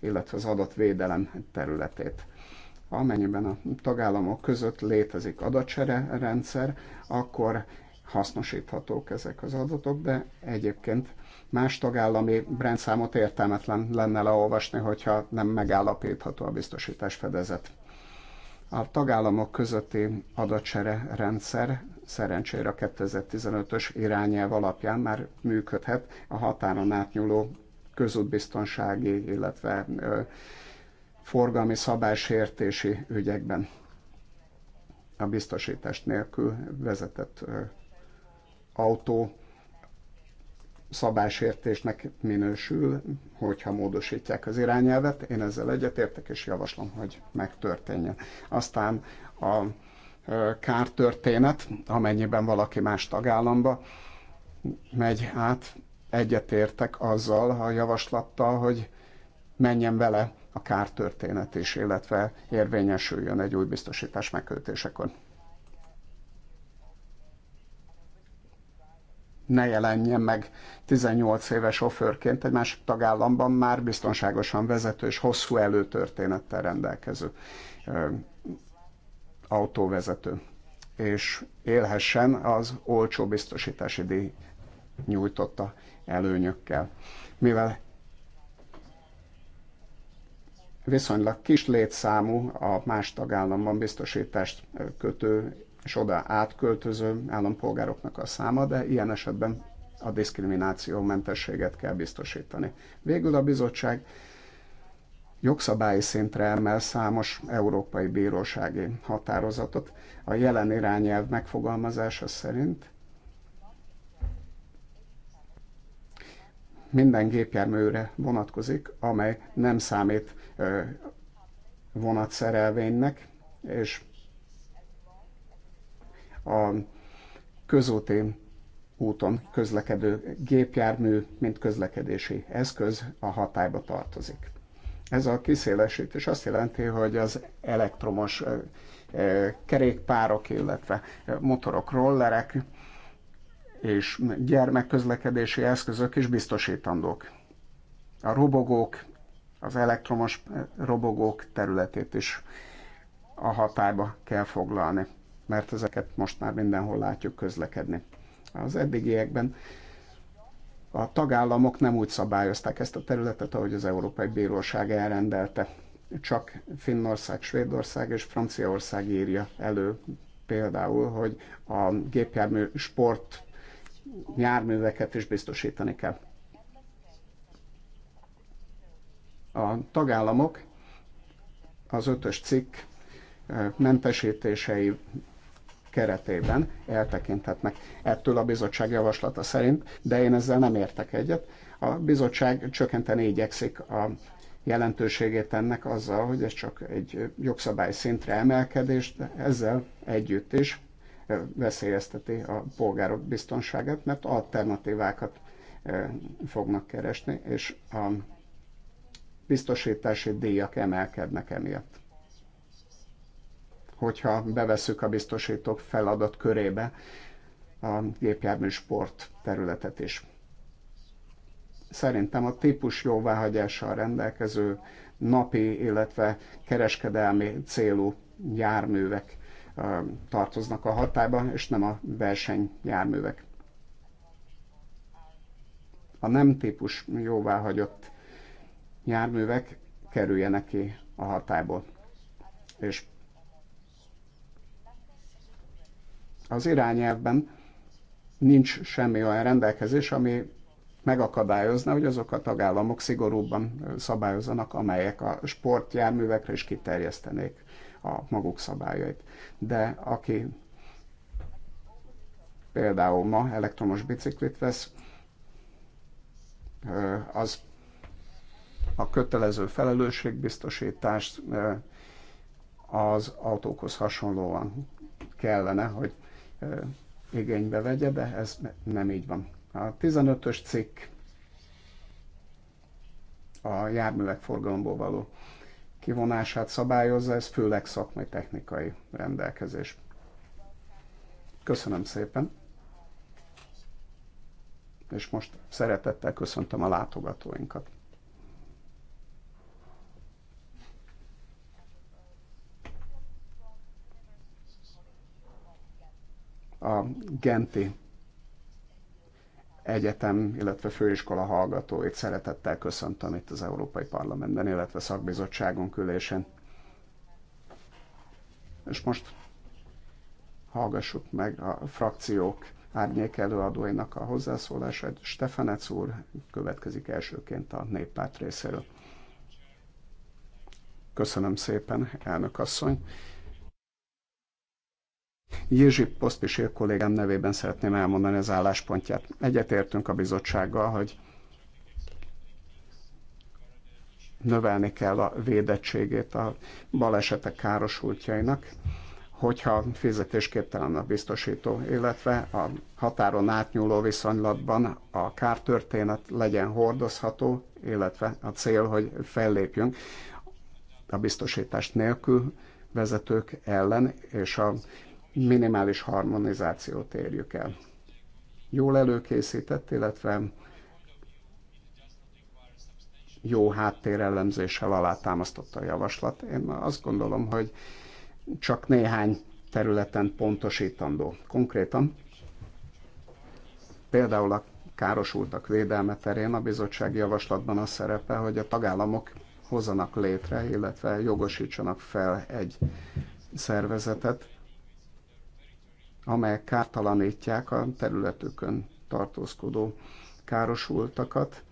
illetve az adatvédelem területét. Amennyiben a tagállamok között létezik adatsere rendszer, akkor hasznosíthatók ezek az adatok, de egyébként más tagállami rendszámot értelmetlen lenne leolvasni, hogyha nem megállapítható a biztosítás fedezet. A tagállamok közötti adatsere rendszer szerencsére a 2015-ös irányelv alapján már működhet a határon átnyúló közútbiztonsági, illetve ö, forgalmi szabálysértési ügyekben a biztosítást nélkül vezetett autó szabálysértésnek minősül, hogyha módosítják az irányelvet. Én ezzel egyetértek, és javaslom, hogy megtörténjen. Aztán a kártörténet, amennyiben valaki más tagállamba megy át, egyetértek azzal a javaslattal, hogy menjen vele a kártörténet is, illetve érvényesüljön egy új biztosítás megkötésekor. ne jelenjen meg 18 éves sofőrként egy másik tagállamban már biztonságosan vezető és hosszú előtörténettel rendelkező ö, autóvezető, és élhessen az olcsó biztosítási díj nyújtotta előnyökkel. Mivel viszonylag kis létszámú a más tagállamban biztosítást kötő és oda átköltöző állampolgároknak a száma, de ilyen esetben a diszkrimináció mentességet kell biztosítani. Végül a bizottság jogszabályi szintre emel számos európai bírósági határozatot. A jelen irányelv megfogalmazása szerint minden gépjárműre vonatkozik, amely nem számít vonatszerelvénynek, és a közúti úton közlekedő gépjármű, mint közlekedési eszköz a hatályba tartozik. Ez a kiszélesítés azt jelenti, hogy az elektromos kerékpárok, illetve motorok, rollerek és gyermekközlekedési eszközök is biztosítandók. A robogók, az elektromos robogók területét is a hatályba kell foglalni mert ezeket most már mindenhol látjuk közlekedni. Az eddigiekben a tagállamok nem úgy szabályozták ezt a területet, ahogy az Európai Bíróság elrendelte. Csak Finnország, Svédország és Franciaország írja elő például, hogy a gépjármű sport járműveket is biztosítani kell. A tagállamok az ötös cikk mentesítései keretében eltekinthetnek ettől a bizottság javaslata szerint, de én ezzel nem értek egyet. A bizottság csökkenteni igyekszik a jelentőségét ennek azzal, hogy ez csak egy jogszabály szintre emelkedés, de ezzel együtt is veszélyezteti a polgárok biztonságát, mert alternatívákat fognak keresni, és a biztosítási díjak emelkednek emiatt hogyha beveszük a biztosítók feladat körébe a gépjármű sport területet is. Szerintem a típus jóváhagyással rendelkező napi, illetve kereskedelmi célú járművek tartoznak a hatályba, és nem a versenyjárművek. A nem típus jóváhagyott járművek kerüljenek ki a hatályból. És Az irányelvben nincs semmi olyan rendelkezés, ami megakadályozna, hogy azok a tagállamok szigorúbban szabályozzanak, amelyek a sportjárművekre is kiterjesztenék a maguk szabályait. De aki például ma elektromos biciklit vesz, az a kötelező felelősségbiztosítást az autókhoz hasonlóan kellene, hogy igénybe vegye, de ez nem így van. A 15-ös cikk a járművek forgalomból való kivonását szabályozza, ez főleg szakmai technikai rendelkezés. Köszönöm szépen! És most szeretettel köszöntöm a látogatóinkat. a Genti Egyetem, illetve főiskola hallgatóit szeretettel köszöntöm itt az Európai Parlamentben, illetve szakbizottságon ülésen. És most hallgassuk meg a frakciók árnyék előadóinak a hozzászólását. Stefanec úr következik elsőként a néppárt részéről. Köszönöm szépen, elnök asszony. Jezsi Poszpisil kollégám nevében szeretném elmondani az álláspontját. Egyetértünk a bizottsággal, hogy növelni kell a védettségét a balesetek károsultjainak, hogyha fizetésképtelen a biztosító, illetve a határon átnyúló viszonylatban a kártörténet legyen hordozható, illetve a cél, hogy fellépjünk a biztosítást nélkül vezetők ellen, és a minimális harmonizációt érjük el. Jól előkészített, illetve jó háttérellemzéssel alátámasztotta a javaslat. Én azt gondolom, hogy csak néhány területen pontosítandó. Konkrétan például a károsultak védelme terén a bizottsági javaslatban az szerepe, hogy a tagállamok hozzanak létre, illetve jogosítsanak fel egy szervezetet, amelyek kártalanítják a területükön tartózkodó károsultakat,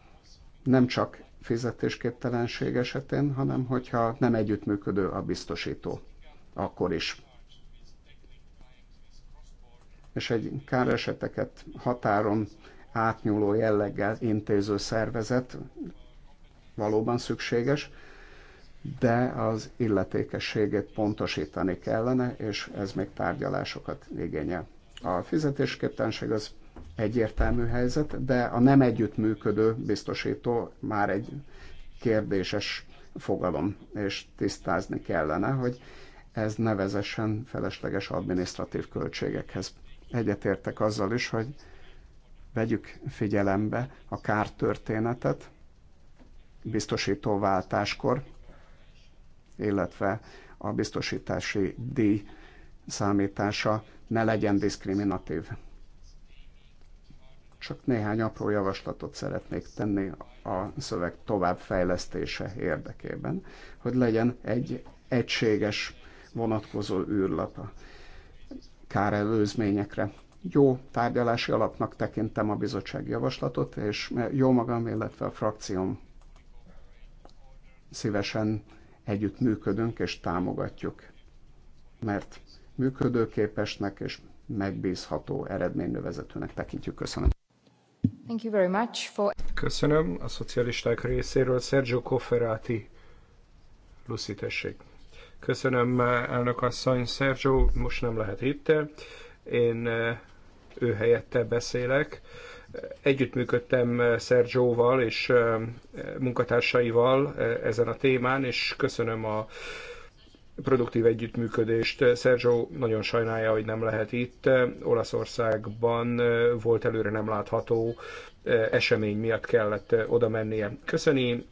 nem csak fizetésképtelenség esetén, hanem hogyha nem együttműködő a biztosító, akkor is. És egy káreseteket határon átnyúló jelleggel intéző szervezet valóban szükséges, de az illetékességét pontosítani kellene, és ez még tárgyalásokat igényel. A fizetésképtelenség az egyértelmű helyzet, de a nem együttműködő biztosító már egy kérdéses fogalom, és tisztázni kellene, hogy ez nevezesen felesleges adminisztratív költségekhez. Egyetértek azzal is, hogy vegyük figyelembe a kártörténetet biztosítóváltáskor, illetve a biztosítási díj számítása ne legyen diszkriminatív. Csak néhány apró javaslatot szeretnék tenni a szöveg továbbfejlesztése érdekében, hogy legyen egy egységes vonatkozó űrlap a kárelőzményekre. Jó tárgyalási alapnak tekintem a bizottság javaslatot, és jó magam, illetve a frakcióm szívesen együtt működünk és támogatjuk. Mert működőképesnek és megbízható eredménynövezetőnek tekintjük. Köszönöm. Thank you very much for... Köszönöm a szocialisták részéről. Sergio Cofferati, Lucy, tessék. Köszönöm, elnök asszony. Sergio most nem lehet itt. Én eh, ő helyette beszélek. Együttműködtem eh, Szerzsóval és eh, munkatársaival eh, ezen a témán, és köszönöm a produktív együttműködést. Sergio nagyon sajnálja, hogy nem lehet itt. Olaszországban volt előre nem látható esemény miatt kellett oda mennie. Köszöni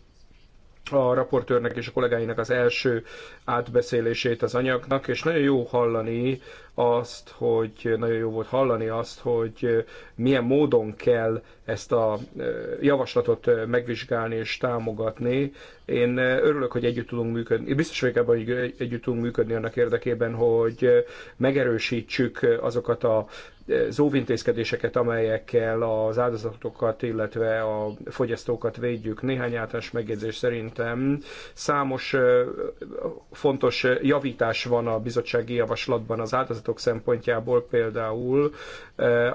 a raportőrnek és a kollégáinak az első átbeszélését az anyagnak, és nagyon jó hallani azt, hogy nagyon jó volt hallani azt, hogy milyen módon kell ezt a javaslatot megvizsgálni és támogatni. Én örülök, hogy együtt tudunk működni. Én biztos vagyok ebben, hogy együtt tudunk működni annak érdekében, hogy megerősítsük azokat a az óvintézkedéseket, amelyekkel az áldozatokat, illetve a fogyasztókat védjük. Néhány általános megjegyzés szerintem számos fontos javítás van a bizottsági javaslatban az áldozatok szempontjából, például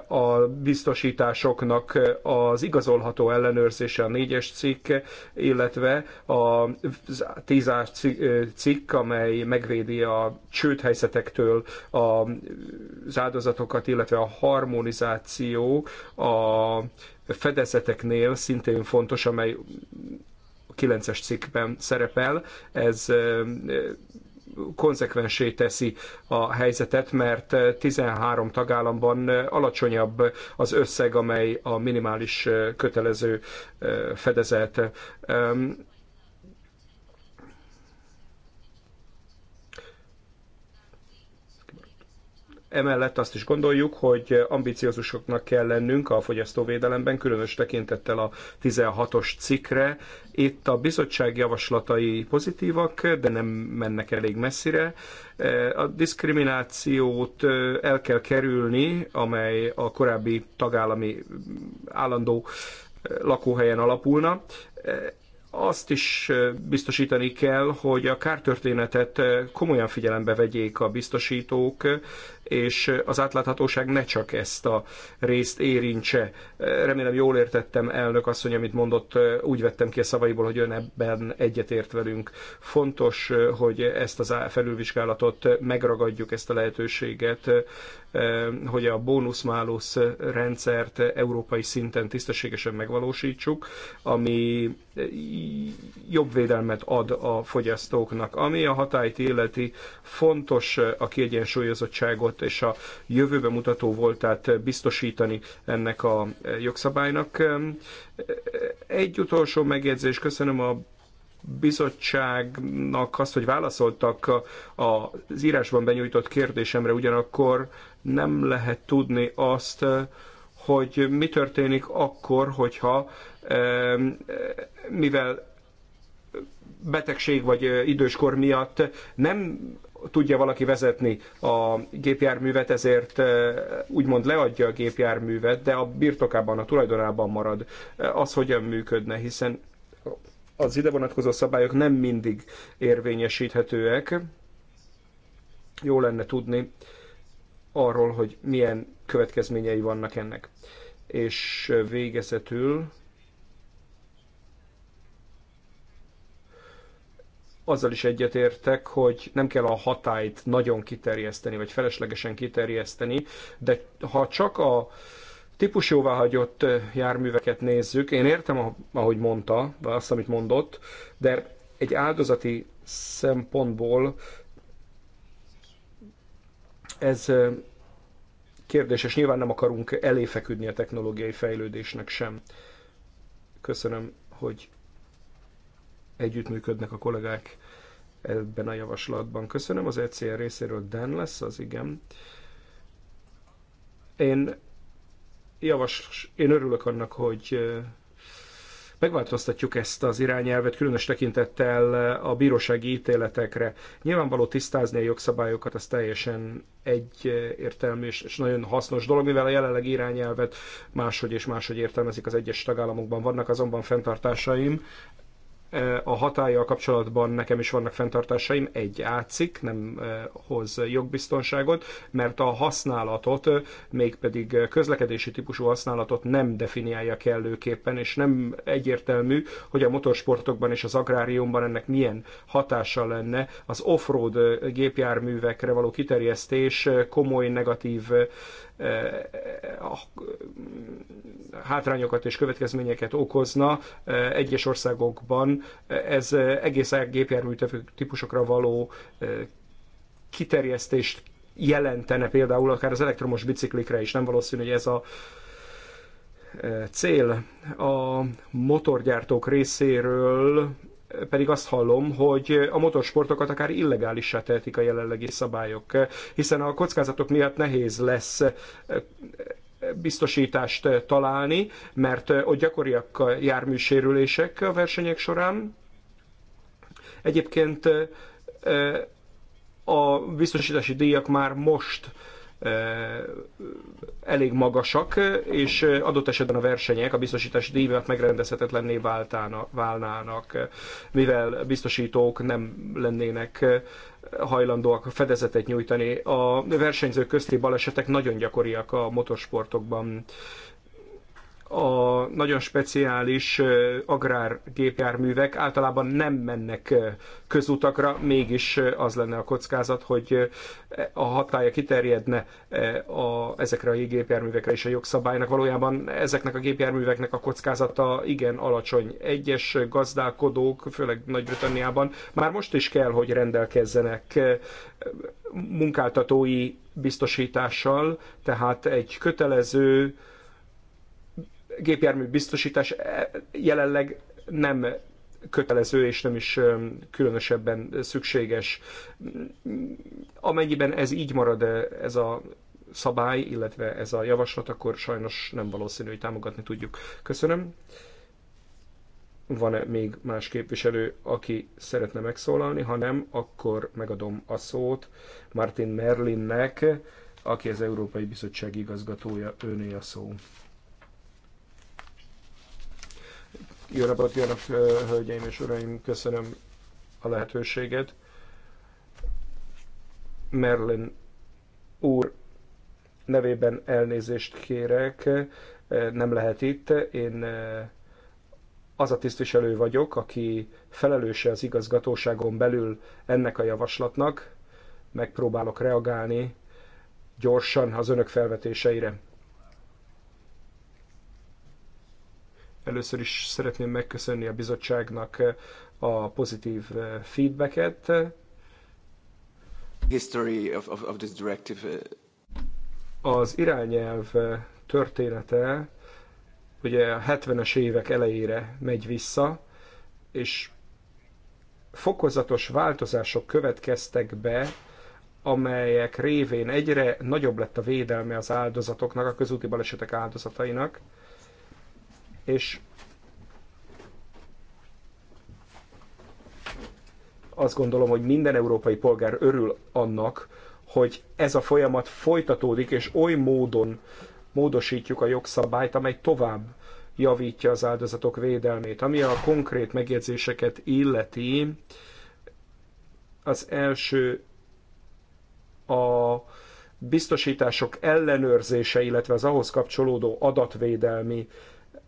a biztosításoknak az igazolható ellenőrzése a négyes cikk, illetve a tízás cikk, amely megvédi a csőd helyzetektől az áldozatokat, illetve a a harmonizáció a fedezeteknél szintén fontos, amely a 9-es cikkben szerepel. Ez konzekvensé teszi a helyzetet, mert 13 tagállamban alacsonyabb az összeg, amely a minimális kötelező fedezet. Emellett azt is gondoljuk, hogy ambiciózusoknak kell lennünk a fogyasztóvédelemben, különös tekintettel a 16-os cikkre. Itt a bizottság javaslatai pozitívak, de nem mennek elég messzire. E, a diszkriminációt e, el kell kerülni, amely a korábbi tagállami állandó e, lakóhelyen alapulna azt is biztosítani kell, hogy a kártörténetet komolyan figyelembe vegyék a biztosítók, és az átláthatóság ne csak ezt a részt érintse. Remélem jól értettem, elnök asszony, amit mondott, úgy vettem ki a szavaiból, hogy ön ebben egyetért velünk. Fontos, hogy ezt az felülvizsgálatot megragadjuk, ezt a lehetőséget, hogy a bónusz-málusz rendszert európai szinten tisztességesen megvalósítsuk, ami jobb védelmet ad a fogyasztóknak. Ami a hatályt illeti, fontos a kiegyensúlyozottságot és a jövőbe mutató voltát biztosítani ennek a jogszabálynak. Egy utolsó megjegyzés, köszönöm a bizottságnak azt, hogy válaszoltak az írásban benyújtott kérdésemre, ugyanakkor nem lehet tudni azt, eh, hogy mi történik akkor, hogyha eh, mivel betegség vagy eh, időskor miatt nem tudja valaki vezetni a gépjárművet, ezért úgymond leadja a gépjárművet, de a birtokában, a tulajdonában marad. Az hogyan működne, hiszen az ide vonatkozó szabályok nem mindig érvényesíthetőek. Jó lenne tudni, arról, hogy milyen következményei vannak ennek. És végezetül azzal is egyetértek, hogy nem kell a hatályt nagyon kiterjeszteni, vagy feleslegesen kiterjeszteni, de ha csak a típus jóváhagyott járműveket nézzük, én értem, ahogy mondta, vagy azt, amit mondott, de egy áldozati szempontból ez kérdéses, nyilván nem akarunk eléfeküdni a technológiai fejlődésnek sem. Köszönöm, hogy együttműködnek a kollégák ebben a javaslatban. Köszönöm az ECR részéről. Dan lesz az, igen. Én javas, én örülök annak, hogy megváltoztatjuk ezt az irányelvet, különös tekintettel a bírósági ítéletekre. Nyilvánvaló tisztázni a jogszabályokat, az teljesen egyértelmű és nagyon hasznos dolog, mivel a jelenlegi irányelvet máshogy és máshogy értelmezik az egyes tagállamokban. Vannak azonban fenntartásaim a hatállyal kapcsolatban nekem is vannak fenntartásaim, egy átszik, nem hoz jogbiztonságot, mert a használatot, mégpedig közlekedési típusú használatot nem definiálja kellőképpen, és nem egyértelmű, hogy a motorsportokban és az agráriumban ennek milyen hatása lenne. Az off-road gépjárművekre való kiterjesztés komoly negatív Eh, eh, hátrányokat és következményeket okozna. Eh, egyes országokban ez egész gépjármű típusokra való kiterjesztést jelentene például akár az elektromos biciklikre is. Nem valószínű, hogy ez a cél a motorgyártók részéről pedig azt hallom, hogy a motorsportokat akár illegálissá tehetik a jelenlegi szabályok, hiszen a kockázatok miatt nehéz lesz eh, biztosítást találni, mert ott gyakoriak a járműsérülések a versenyek során. Egyébként eh, a biztosítási díjak már most elég magasak, és adott esetben a versenyek a biztosítási díj miatt megrendezhetetlenné válnának, mivel biztosítók nem lennének hajlandóak fedezetet nyújtani. A versenyzők közti balesetek nagyon gyakoriak a motorsportokban a nagyon speciális agrárgépjárművek általában nem mennek közutakra, mégis az lenne a kockázat, hogy a hatája kiterjedne a, ezekre a gépjárművekre és a jogszabálynak. Valójában ezeknek a gépjárműveknek a kockázata igen alacsony. Egyes gazdálkodók, főleg Nagy-Britanniában már most is kell, hogy rendelkezzenek munkáltatói biztosítással, tehát egy kötelező gépjármű biztosítás e, jelenleg nem kötelező és nem is különösebben szükséges. Amennyiben ez így marad, e, ez a szabály, illetve ez a javaslat, akkor sajnos nem valószínű, hogy támogatni tudjuk. Köszönöm. Van-e még más képviselő, aki szeretne megszólalni? Ha nem, akkor megadom a szót Martin Merlinnek, aki az Európai Bizottság igazgatója, őné a szó. Jó napot, jó nap, hölgyeim és uraim, köszönöm a lehetőséget. Merlin úr nevében elnézést kérek, nem lehet itt. Én az a tisztviselő vagyok, aki felelőse az igazgatóságon belül ennek a javaslatnak. Megpróbálok reagálni gyorsan az önök felvetéseire. Először is szeretném megköszönni a bizottságnak eh, a pozitív eh, feedbacket. History of, of, of this directive. Eh. Az irányelv története ugye a 70-es évek elejére megy vissza, és fokozatos változások következtek be, amelyek révén egyre nagyobb lett a védelme az áldozatoknak, a közúti balesetek áldozatainak és azt gondolom, hogy minden európai polgár örül annak, hogy ez a folyamat folytatódik, és oly módon módosítjuk a jogszabályt, amely tovább javítja az áldozatok védelmét. Ami a konkrét megjegyzéseket illeti, az első a biztosítások ellenőrzése, illetve az ahhoz kapcsolódó adatvédelmi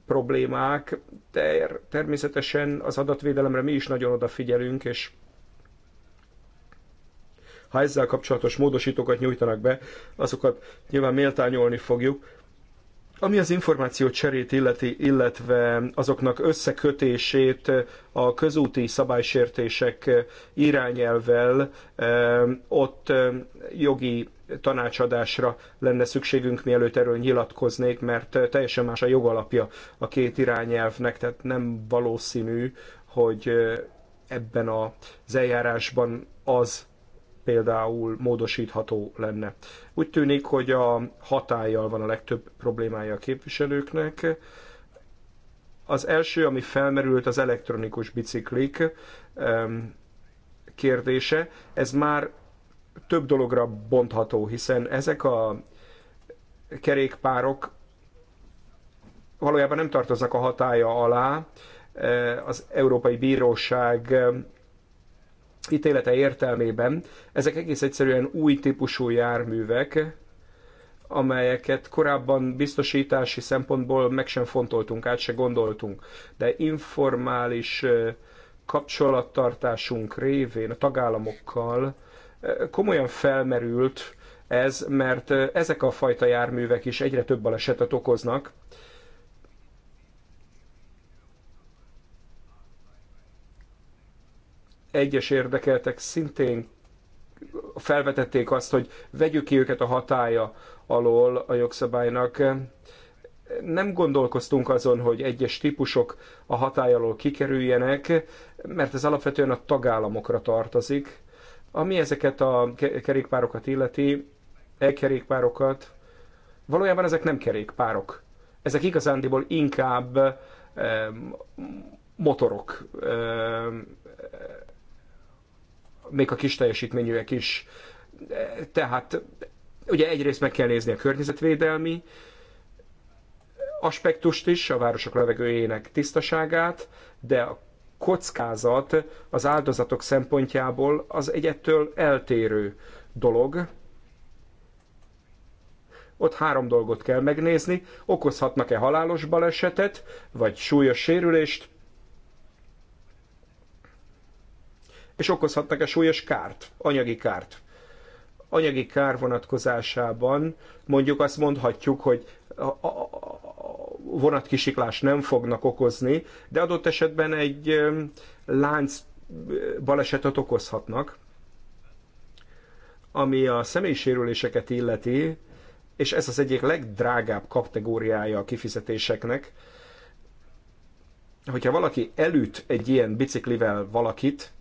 problémák. De természetesen az adatvédelemre mi is nagyon odafigyelünk, és ha ezzel kapcsolatos módosítókat nyújtanak be, azokat nyilván méltányolni fogjuk. Ami az információ cserét illeti, illetve azoknak összekötését a közúti szabálysértések irányelvel, eh, ott eh, jogi tanácsadásra lenne szükségünk, mielőtt erről nyilatkoznék, mert teljesen más a jogalapja a két irányelvnek, tehát nem valószínű, hogy ebben az eljárásban az például módosítható lenne. Úgy tűnik, hogy a hatállyal van a legtöbb problémája a képviselőknek. Az első, ami felmerült, az elektronikus biciklik ehm, kérdése. Ez már több dologra bontható, hiszen ezek a kerékpárok valójában nem tartoznak a hatája alá. E, az Európai Bíróság e, ítélete értelmében ezek egész egyszerűen új típusú járművek, amelyeket korábban biztosítási szempontból meg sem fontoltunk, át se gondoltunk. De informális e, kapcsolattartásunk révén a tagállamokkal komolyan felmerült ez, mert ezek a fajta járművek is egyre több balesetet okoznak. Egyes érdekeltek szintén felvetették azt, hogy vegyük ki őket a hatája alól a jogszabálynak. Nem gondolkoztunk azon, hogy egyes típusok a hatály alól kikerüljenek, mert ez alapvetően a tagállamokra tartozik ami ezeket a kerékpárokat illeti, e-kerékpárokat, valójában ezek nem kerékpárok. Ezek igazándiból inkább eh, motorok, eh, még a kis teljesítményűek is. E, tehát ugye egyrészt meg kell nézni a környezetvédelmi aspektust is, a városok levegőjének tisztaságát, de a kockázat az áldozatok szempontjából az egyettől eltérő dolog. Ott három dolgot kell megnézni, okozhatnak-e halálos balesetet, vagy súlyos sérülést, és okozhatnak-e súlyos kárt, anyagi kárt. Anyagi kár vonatkozásában mondjuk azt mondhatjuk, hogy a, a, vonatkisiklás nem fognak okozni, de adott esetben egy lánc balesetet okozhatnak, ami a személysérüléseket illeti, és ez az egyik legdrágább kategóriája a kifizetéseknek, hogyha valaki elüt egy ilyen biciklivel valakit,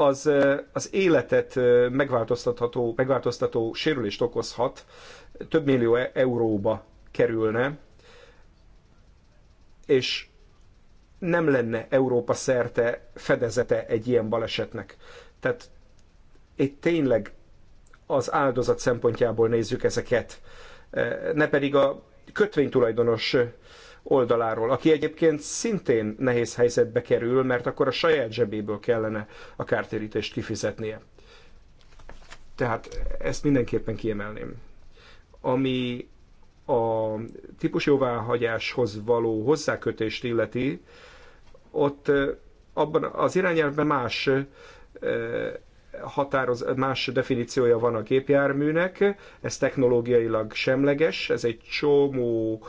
az, az életet megváltoztatható, megváltoztató sérülést okozhat, több millió e- euróba kerülne, és nem lenne Európa szerte fedezete egy ilyen balesetnek. Tehát itt tényleg az áldozat szempontjából nézzük ezeket, ne pedig a kötvénytulajdonos oldaláról, aki egyébként szintén nehéz helyzetbe kerül, mert akkor a saját zsebéből kellene a kártérítést kifizetnie. Tehát ezt mindenképpen kiemelném. Ami a típusjóváhagyáshoz való hozzákötést illeti, ott abban az irányelvben más határoz, más definíciója van a gépjárműnek, ez technológiailag semleges, ez egy csomó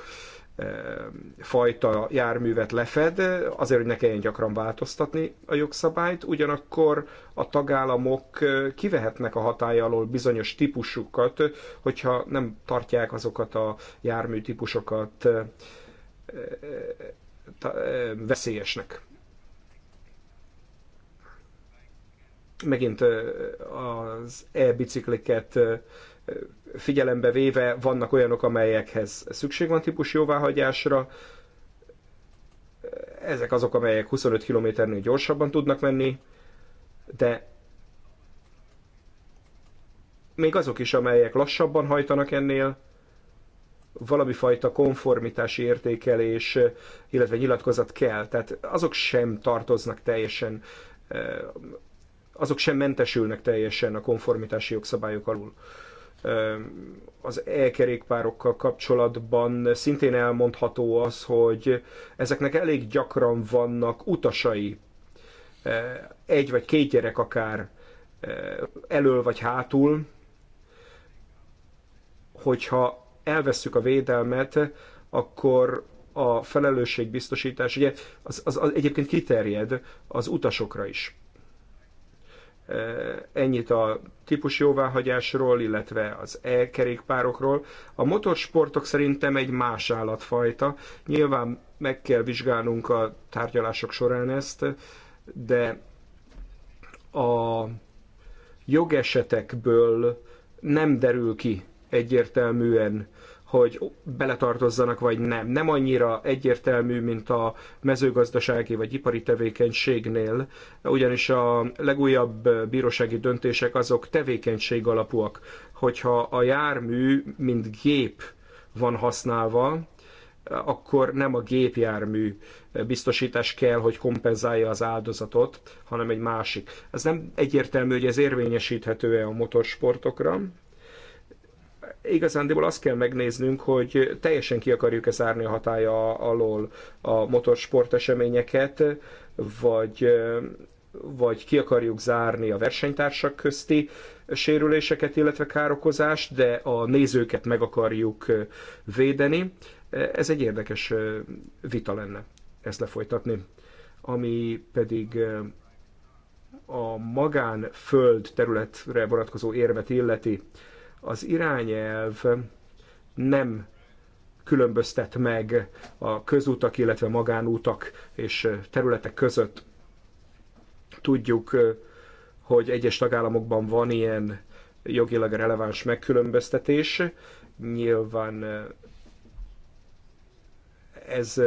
fajta járművet lefed, azért, hogy ne kelljen gyakran változtatni a jogszabályt, ugyanakkor a tagállamok kivehetnek a hatája alól bizonyos típusukat, hogyha nem tartják azokat a jármű típusokat veszélyesnek. Megint az e-bicikliket figyelembe véve vannak olyanok, amelyekhez szükség van típus jóváhagyásra, ezek azok, amelyek 25 kilométernél gyorsabban tudnak menni, de még azok is, amelyek lassabban hajtanak ennél, valami fajta konformitási értékelés, illetve nyilatkozat kell. Tehát azok sem tartoznak teljesen, eh, azok sem mentesülnek teljesen a konformitási jogszabályok alul az e-kerékpárokkal kapcsolatban szintén elmondható az, hogy ezeknek elég gyakran vannak utasai, egy vagy két gyerek akár elől vagy hátul, hogyha elvesszük a védelmet, akkor a felelősségbiztosítás, ugye az, az, az egyébként kiterjed az utasokra is. Ennyit a típus jóváhagyásról, illetve az e-kerékpárokról. A motorsportok szerintem egy más állatfajta. Nyilván meg kell vizsgálnunk a tárgyalások során ezt, de a jogesetekből nem derül ki egyértelműen hogy beletartozzanak vagy nem. Nem annyira egyértelmű, mint a mezőgazdasági vagy ipari tevékenységnél, ugyanis a legújabb bírósági döntések azok tevékenység alapúak. Hogyha a jármű, mint gép van használva, akkor nem a gépjármű biztosítás kell, hogy kompenzálja az áldozatot, hanem egy másik. Ez nem egyértelmű, hogy ez érvényesíthető-e a motorsportokra, igazándiból azt kell megnéznünk, hogy teljesen ki akarjuk-e zárni a hatája alól a motorsport eseményeket, vagy, vagy ki akarjuk zárni a versenytársak közti sérüléseket, illetve károkozást, de a nézőket meg akarjuk védeni. Ez egy érdekes vita lenne ezt lefolytatni. Ami pedig a magánföld területre vonatkozó érvet illeti, az irányelv nem különböztet meg a közútak, illetve magánútak és területek között. Tudjuk, hogy egyes tagállamokban van ilyen jogilag releváns megkülönböztetés. Nyilván ez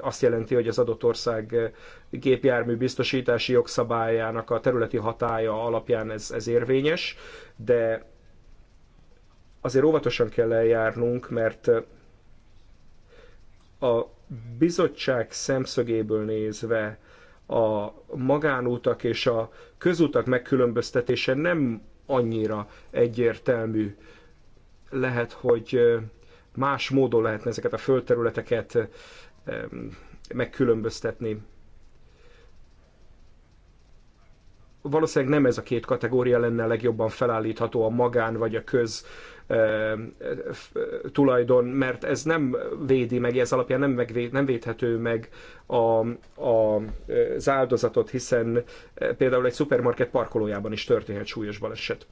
azt jelenti, hogy az adott ország gépjármű biztosítási jogszabályának a területi hatája alapján ez, ez érvényes, de azért óvatosan kell eljárnunk, mert a bizottság szemszögéből nézve a magánútak és a közutak megkülönböztetése nem annyira egyértelmű. Lehet, hogy más módon lehetne ezeket a földterületeket megkülönböztetni. Valószínűleg nem ez a két kategória lenne legjobban felállítható, a magán vagy a köz tulajdon, mert ez nem védi meg, ez alapján nem, megvéd, nem védhető meg a, a, az áldozatot, hiszen például egy szupermarket parkolójában is történhet súlyos baleset.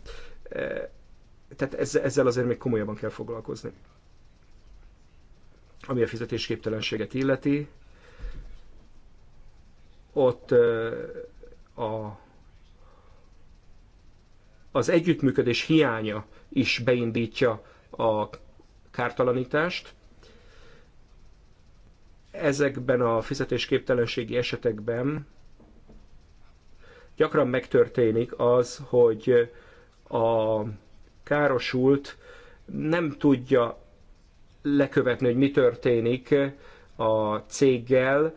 Tehát ezzel azért még komolyabban kell foglalkozni. Ami a fizetésképtelenséget illeti, ott a az együttműködés hiánya is beindítja a kártalanítást. Ezekben a fizetésképtelenségi esetekben gyakran megtörténik az, hogy a károsult nem tudja lekövetni, hogy mi történik a céggel,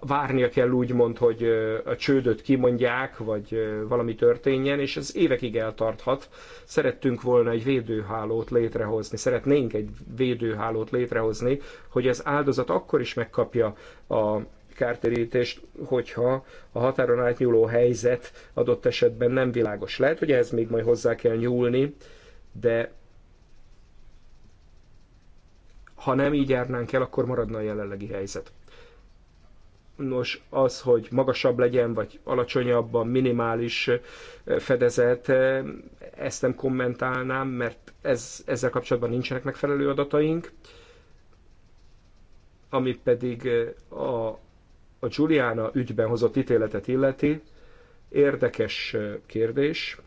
várnia kell úgymond, hogy a csődöt kimondják, vagy valami történjen, és ez évekig eltarthat. Szerettünk volna egy védőhálót létrehozni, szeretnénk egy védőhálót létrehozni, hogy az áldozat akkor is megkapja a kártérítést, hogyha a határon átnyúló helyzet adott esetben nem világos. Lehet, hogy ehhez még majd hozzá kell nyúlni, de ha nem így járnánk el, akkor maradna a jelenlegi helyzet. Nos, az, hogy magasabb legyen, vagy alacsonyabb a minimális fedezet, ezt nem kommentálnám, mert ez, ezzel kapcsolatban nincsenek megfelelő adataink. Ami pedig a, a Giuliana ügyben hozott ítéletet illeti, érdekes kérdés.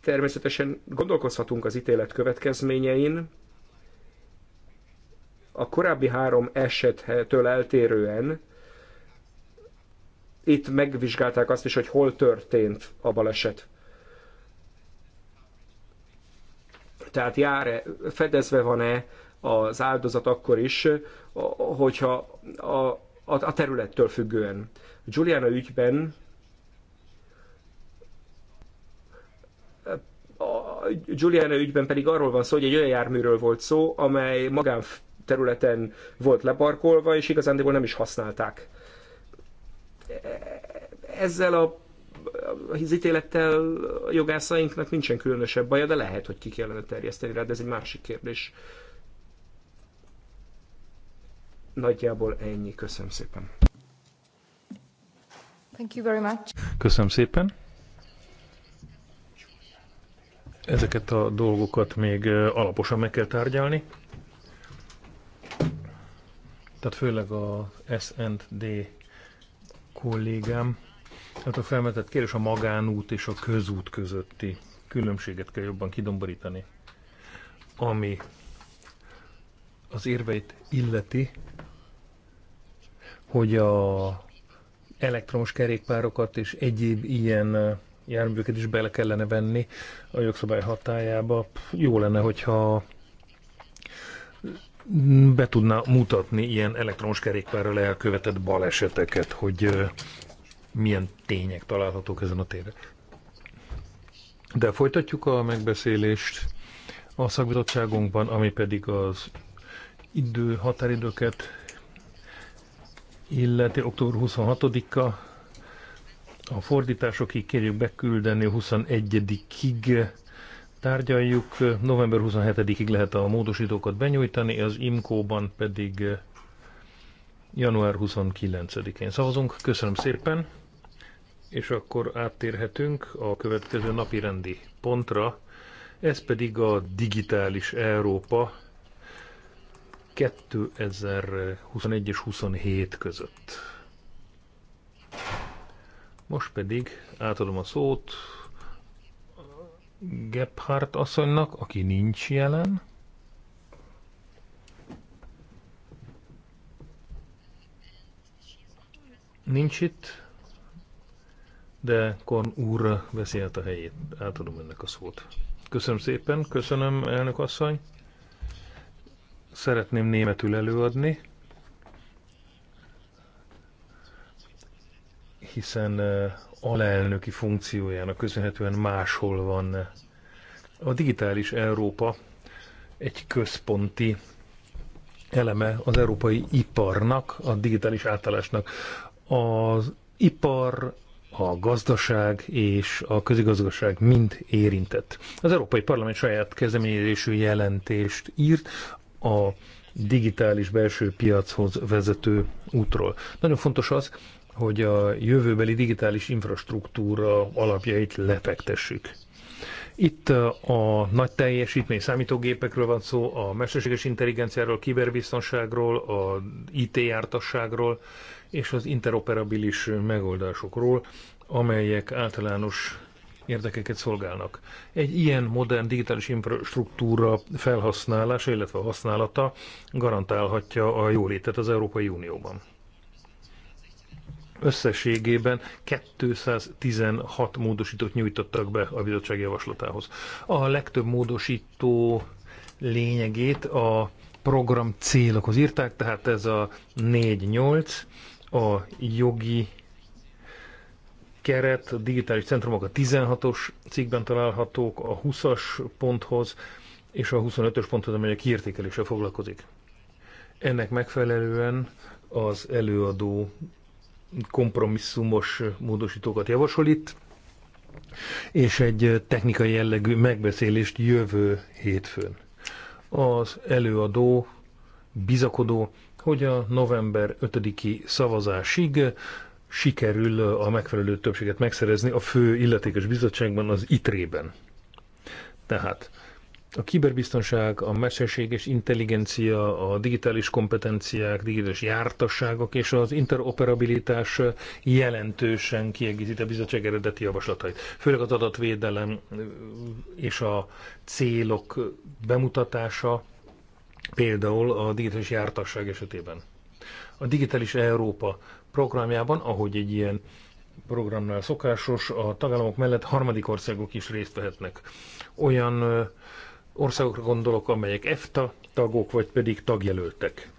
Természetesen gondolkozhatunk az ítélet következményein, a korábbi három esettől eltérően itt megvizsgálták azt is, hogy hol történt a baleset. Tehát jár-e, fedezve van-e az áldozat akkor is, hogyha a, a, a területtől függően. Giuliana ügyben a Giuliana ügyben pedig arról van szó, hogy egy olyan járműről volt szó, amely magán területen volt leparkolva, és igazándiból nem is használták. Ezzel a az ítélettel a jogászainknak nincsen különösebb baja, de lehet, hogy ki kellene terjeszteni rá, de ez egy másik kérdés. Nagyjából ennyi. Köszönöm szépen. Thank you very much. Köszönöm szépen. Ezeket a dolgokat még alaposan meg kell tárgyalni tehát főleg a S&D kollégám, tehát a felmetett kérdés a magánút és a közút közötti különbséget kell jobban kidomborítani. Ami az érveit illeti, hogy a elektromos kerékpárokat és egyéb ilyen járműveket is bele kellene venni a jogszabály hatájába. Jó lenne, hogyha be tudná mutatni ilyen elektromos kerékpárral elkövetett baleseteket, hogy milyen tények találhatók ezen a téren. De folytatjuk a megbeszélést a szakbizottságunkban, ami pedig az idő, határidőket illeti október 26-a. A fordításokig kérjük beküldeni 21-ig tárgyaljuk. November 27-ig lehet a módosítókat benyújtani, az IMKO-ban pedig január 29-én szavazunk. Köszönöm szépen, és akkor áttérhetünk a következő napi rendi pontra, ez pedig a Digitális Európa 2021 és 27 között. Most pedig átadom a szót Gebhardt asszonynak, aki nincs jelen. Nincs itt, de Korn úr veszi át a helyét. Átadom önnek a szót. Köszönöm szépen, köszönöm elnök asszony. Szeretném németül előadni, hiszen eh, alelnöki funkciójának köszönhetően máshol van. A digitális Európa egy központi eleme az európai iparnak, a digitális átállásnak. Az ipar, a gazdaság és a közigazgaság mind érintett. Az Európai Parlament saját kezdeményezésű jelentést írt a digitális belső piachoz vezető útról. Nagyon fontos az, hogy a jövőbeli digitális infrastruktúra alapjait lefektessük. Itt uh, a nagy teljesítmény számítógépekről van szó, a mesterséges intelligenciáról, kiberbiztonságról, a IT jártasságról és az interoperabilis megoldásokról, amelyek általános érdekeket szolgálnak. Egy ilyen modern digitális infrastruktúra felhasználása, illetve használata garantálhatja a jólétet az Európai Unióban. Összességében 216 módosítót nyújtottak be a bizottság javaslatához. A legtöbb módosító lényegét a program célokhoz írták, tehát ez a 4-8, a jogi keret, a digitális centrumok a 16-os cikkben találhatók, a 20-as ponthoz és a 25-ös ponthoz, amely a kiértékeléssel foglalkozik. Ennek megfelelően az előadó kompromisszumos módosítókat javasol itt, és egy technikai jellegű megbeszélést jövő hétfőn. Az előadó bizakodó, hogy a november 5-i szavazásig sikerül a megfelelő többséget megszerezni a fő illetékes bizottságban, az ITRE-ben. Tehát a kiberbiztonság, a mesterséges intelligencia, a digitális kompetenciák, digitális jártasságok és az interoperabilitás jelentősen kiegészíti a bizottság eredeti javaslatait. Főleg az adatvédelem és a célok bemutatása, például a digitális jártasság esetében. A Digitális Európa programjában, ahogy egy ilyen programnál szokásos, a tagállamok mellett harmadik országok is részt vehetnek. Olyan országokra gondolok, amelyek EFTA tagok, vagy pedig tagjelöltek.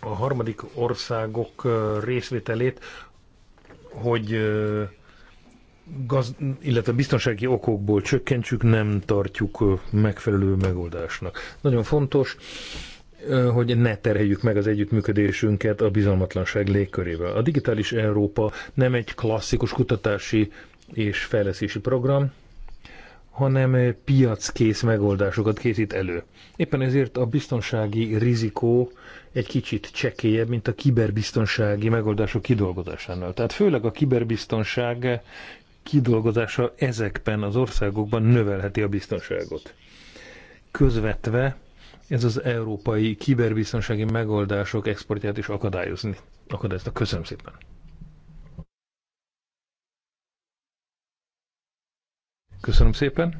A harmadik országok részvételét, hogy gaz, illetve biztonsági okokból csökkentsük, nem tartjuk megfelelő megoldásnak. Nagyon fontos, hogy ne terheljük meg az együttműködésünket a bizalmatlanság légkörével. A Digitális Európa nem egy klasszikus kutatási és fejlesztési program, hanem eh, piackész megoldásokat készít elő. Éppen ezért a biztonsági rizikó egy kicsit csekélyebb, mint a kiberbiztonsági megoldások kidolgozásánál. Tehát főleg a kiberbiztonság kidolgozása ezekben az országokban növelheti a biztonságot. Közvetve ez az európai kiberbiztonsági megoldások exportját is akadályozni. Akadályoznak. Köszönöm szépen! Köszönöm szépen.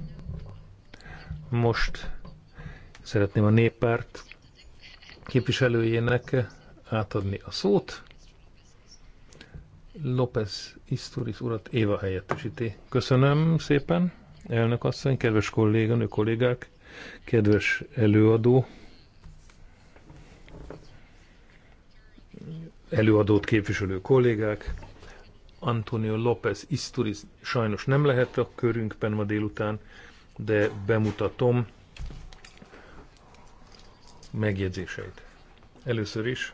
Most szeretném a néppárt képviselőjének átadni a szót. López Isturis urat Éva helyettesíti. Köszönöm szépen, elnök asszony, kedves kolléganő, kollégák, kedves előadó. Előadót képviselő kollégák. Antonio López Isturiz sajnos nem lehet a körünkben ma délután, de bemutatom megjegyzéseit. Először is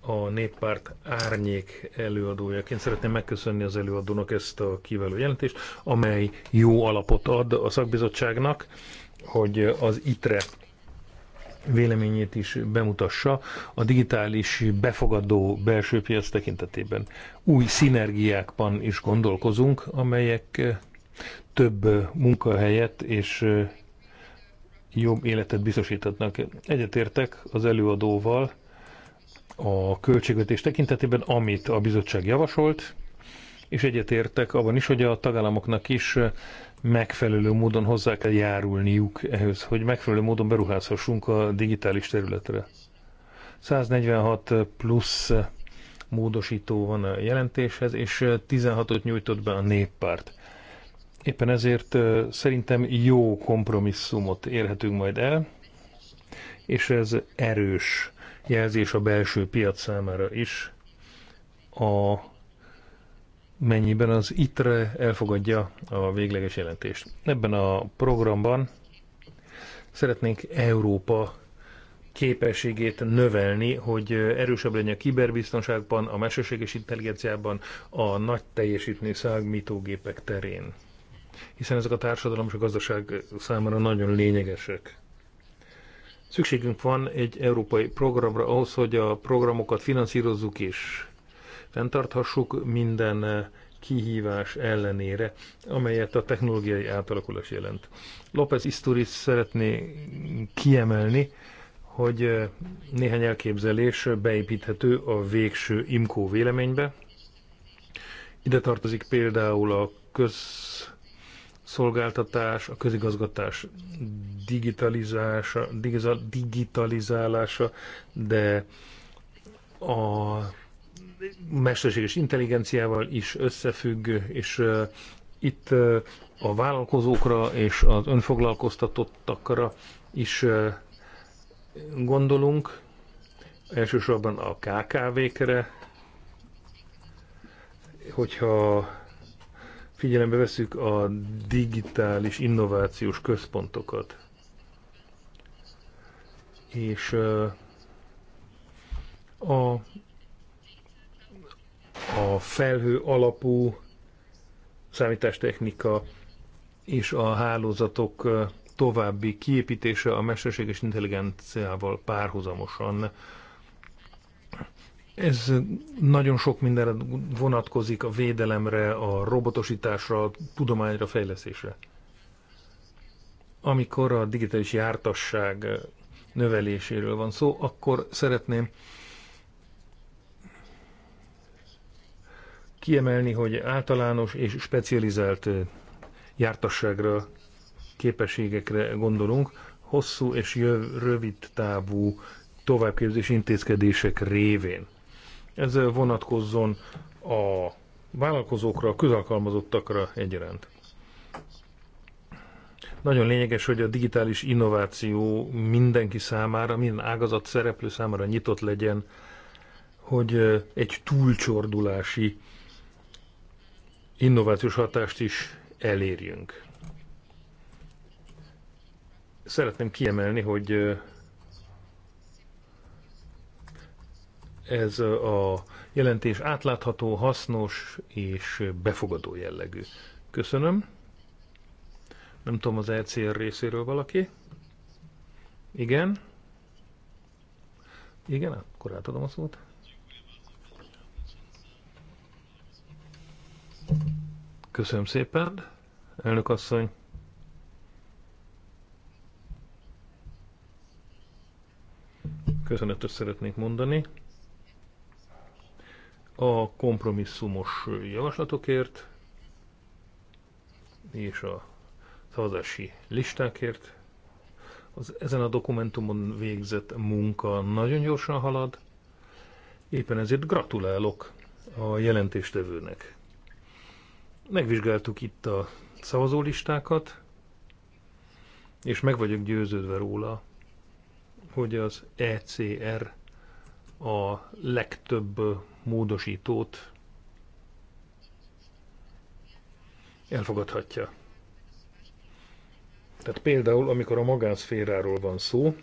a néppárt árnyék előadójaként szeretném megköszönni az előadónak ezt a kiváló jelentést, amely jó alapot ad a szakbizottságnak, hogy az ITRE véleményét is bemutassa a digitális befogadó belső piac tekintetében. Új szinergiákban is gondolkozunk, amelyek eh, több eh, munkahelyet és eh, jobb életet biztosítatnak. Egyetértek az előadóval a költségvetés tekintetében, amit a bizottság javasolt, és egyetértek abban is, hogy a tagállamoknak is megfelelő módon hozzá kell járulniuk ehhez, hogy megfelelő módon beruházhassunk a digitális területre. 146 plusz módosító van a jelentéshez, és 16-ot nyújtott be a néppárt. Éppen ezért szerintem jó kompromisszumot érhetünk majd el, és ez erős jelzés a belső piac számára is a mennyiben az ITRE elfogadja a végleges jelentést. Ebben a programban szeretnénk Európa képességét növelni, hogy erősebb legyen a kiberbiztonságban, a mesterséges intelligenciában, a nagy teljesítmény számítógépek terén. Hiszen ezek a társadalom és a gazdaság számára nagyon lényegesek. Szükségünk van egy európai programra ahhoz, hogy a programokat finanszírozzuk és fenntarthassuk minden eh, kihívás ellenére, amelyet a technológiai átalakulás jelent. López Isturiz szeretné kiemelni, hogy eh, néhány elképzelés beépíthető a végső IMCO véleménybe. Ide tartozik például a közszolgáltatás, a közigazgatás digitalizása, digitalizálása, de a mesterséges intelligenciával is összefügg, és itt a vállalkozókra és az önfoglalkoztatottakra is gondolunk, elsősorban a KKV-kre, hogyha figyelembe veszük a digitális innovációs központokat. És a a felhő alapú számítástechnika és a hálózatok további kiépítése a mesterséges intelligenciával párhuzamosan. Ez nagyon sok mindenre vonatkozik a védelemre, a robotosításra, a tudományra, fejlesztésre. Amikor a digitális jártasság növeléséről van szó, akkor szeretném kiemelni, hogy általános és specializált jártasságra, képességekre gondolunk, hosszú és jöv, rövid távú továbbképzési intézkedések révén. Ez vonatkozzon a vállalkozókra, a közalkalmazottakra egyaránt. Nagyon lényeges, hogy a digitális innováció mindenki számára, minden ágazat szereplő számára nyitott legyen, hogy egy túlcsordulási innovációs hatást is elérjünk. Szeretném kiemelni, hogy ez a jelentés átlátható, hasznos és befogadó jellegű. Köszönöm. Nem tudom, az ECR részéről valaki? Igen? Igen, akkor átadom a szót. Köszönöm szépen, elnök asszony. Köszönetet szeretnék mondani a kompromisszumos javaslatokért és a szavazási listákért. Az ezen a dokumentumon végzett munka nagyon gyorsan halad, éppen ezért gratulálok a jelentéstevőnek. Megvizsgáltuk itt a szavazólistákat, és meg vagyok győződve róla, hogy az ECR a legtöbb módosítót elfogadhatja. Tehát például, amikor a magánszféráról van szó,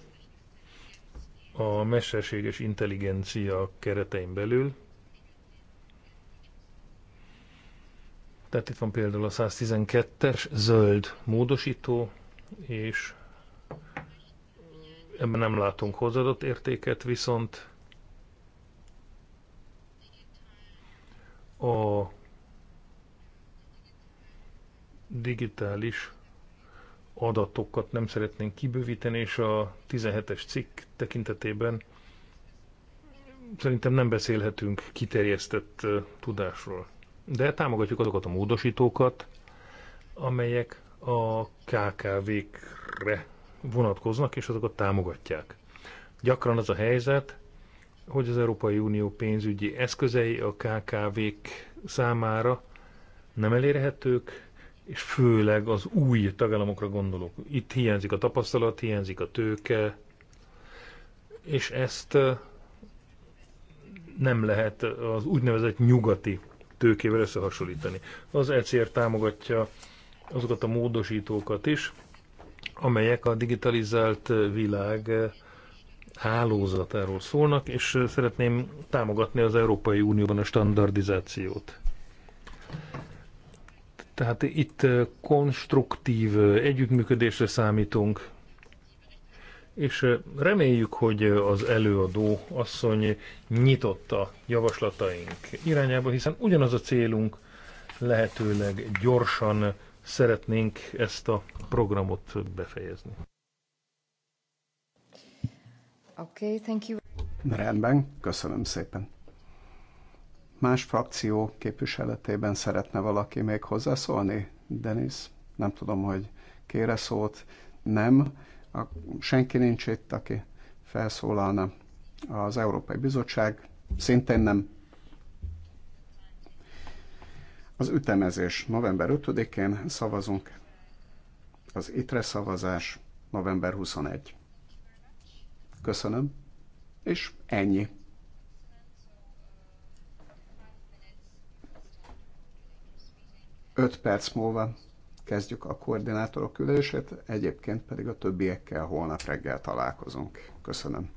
a mesterséges intelligencia keretein belül, Tehát itt van például a 112-es zöld módosító, és ebben nem látunk hozzáadott értéket, viszont a digitális adatokat nem szeretnénk kibővíteni, és a 17-es cikk tekintetében szerintem nem beszélhetünk kiterjesztett tudásról de támogatjuk azokat a módosítókat, amelyek a KKV-kre vonatkoznak, és azokat támogatják. Gyakran az a helyzet, hogy az Európai Unió pénzügyi eszközei a KKV-k számára nem elérhetők, és főleg az új tagállamokra gondolok. Itt hiányzik a tapasztalat, hiányzik a tőke, és ezt nem lehet az úgynevezett nyugati tőkével összehasonlítani. Az ECR támogatja azokat a módosítókat is, amelyek a digitalizált világ hálózatáról szólnak, és szeretném támogatni az Európai Unióban a standardizációt. Tehát itt konstruktív együttműködésre számítunk, és reméljük, hogy az előadó asszony nyitott a javaslataink irányába, hiszen ugyanaz a célunk, lehetőleg gyorsan szeretnénk ezt a programot befejezni. Oké, okay, thank you. Rendben, köszönöm szépen. Más frakció képviseletében szeretne valaki még hozzászólni? Denis, nem tudom, hogy kére szót. Nem senki nincs itt, aki felszólalna. Az Európai Bizottság szintén nem. Az ütemezés november 5-én szavazunk, az ITRE szavazás november 21. Köszönöm, és ennyi. Öt perc múlva kezdjük a koordinátorok ülését, egyébként pedig a többiekkel holnap reggel találkozunk. Köszönöm.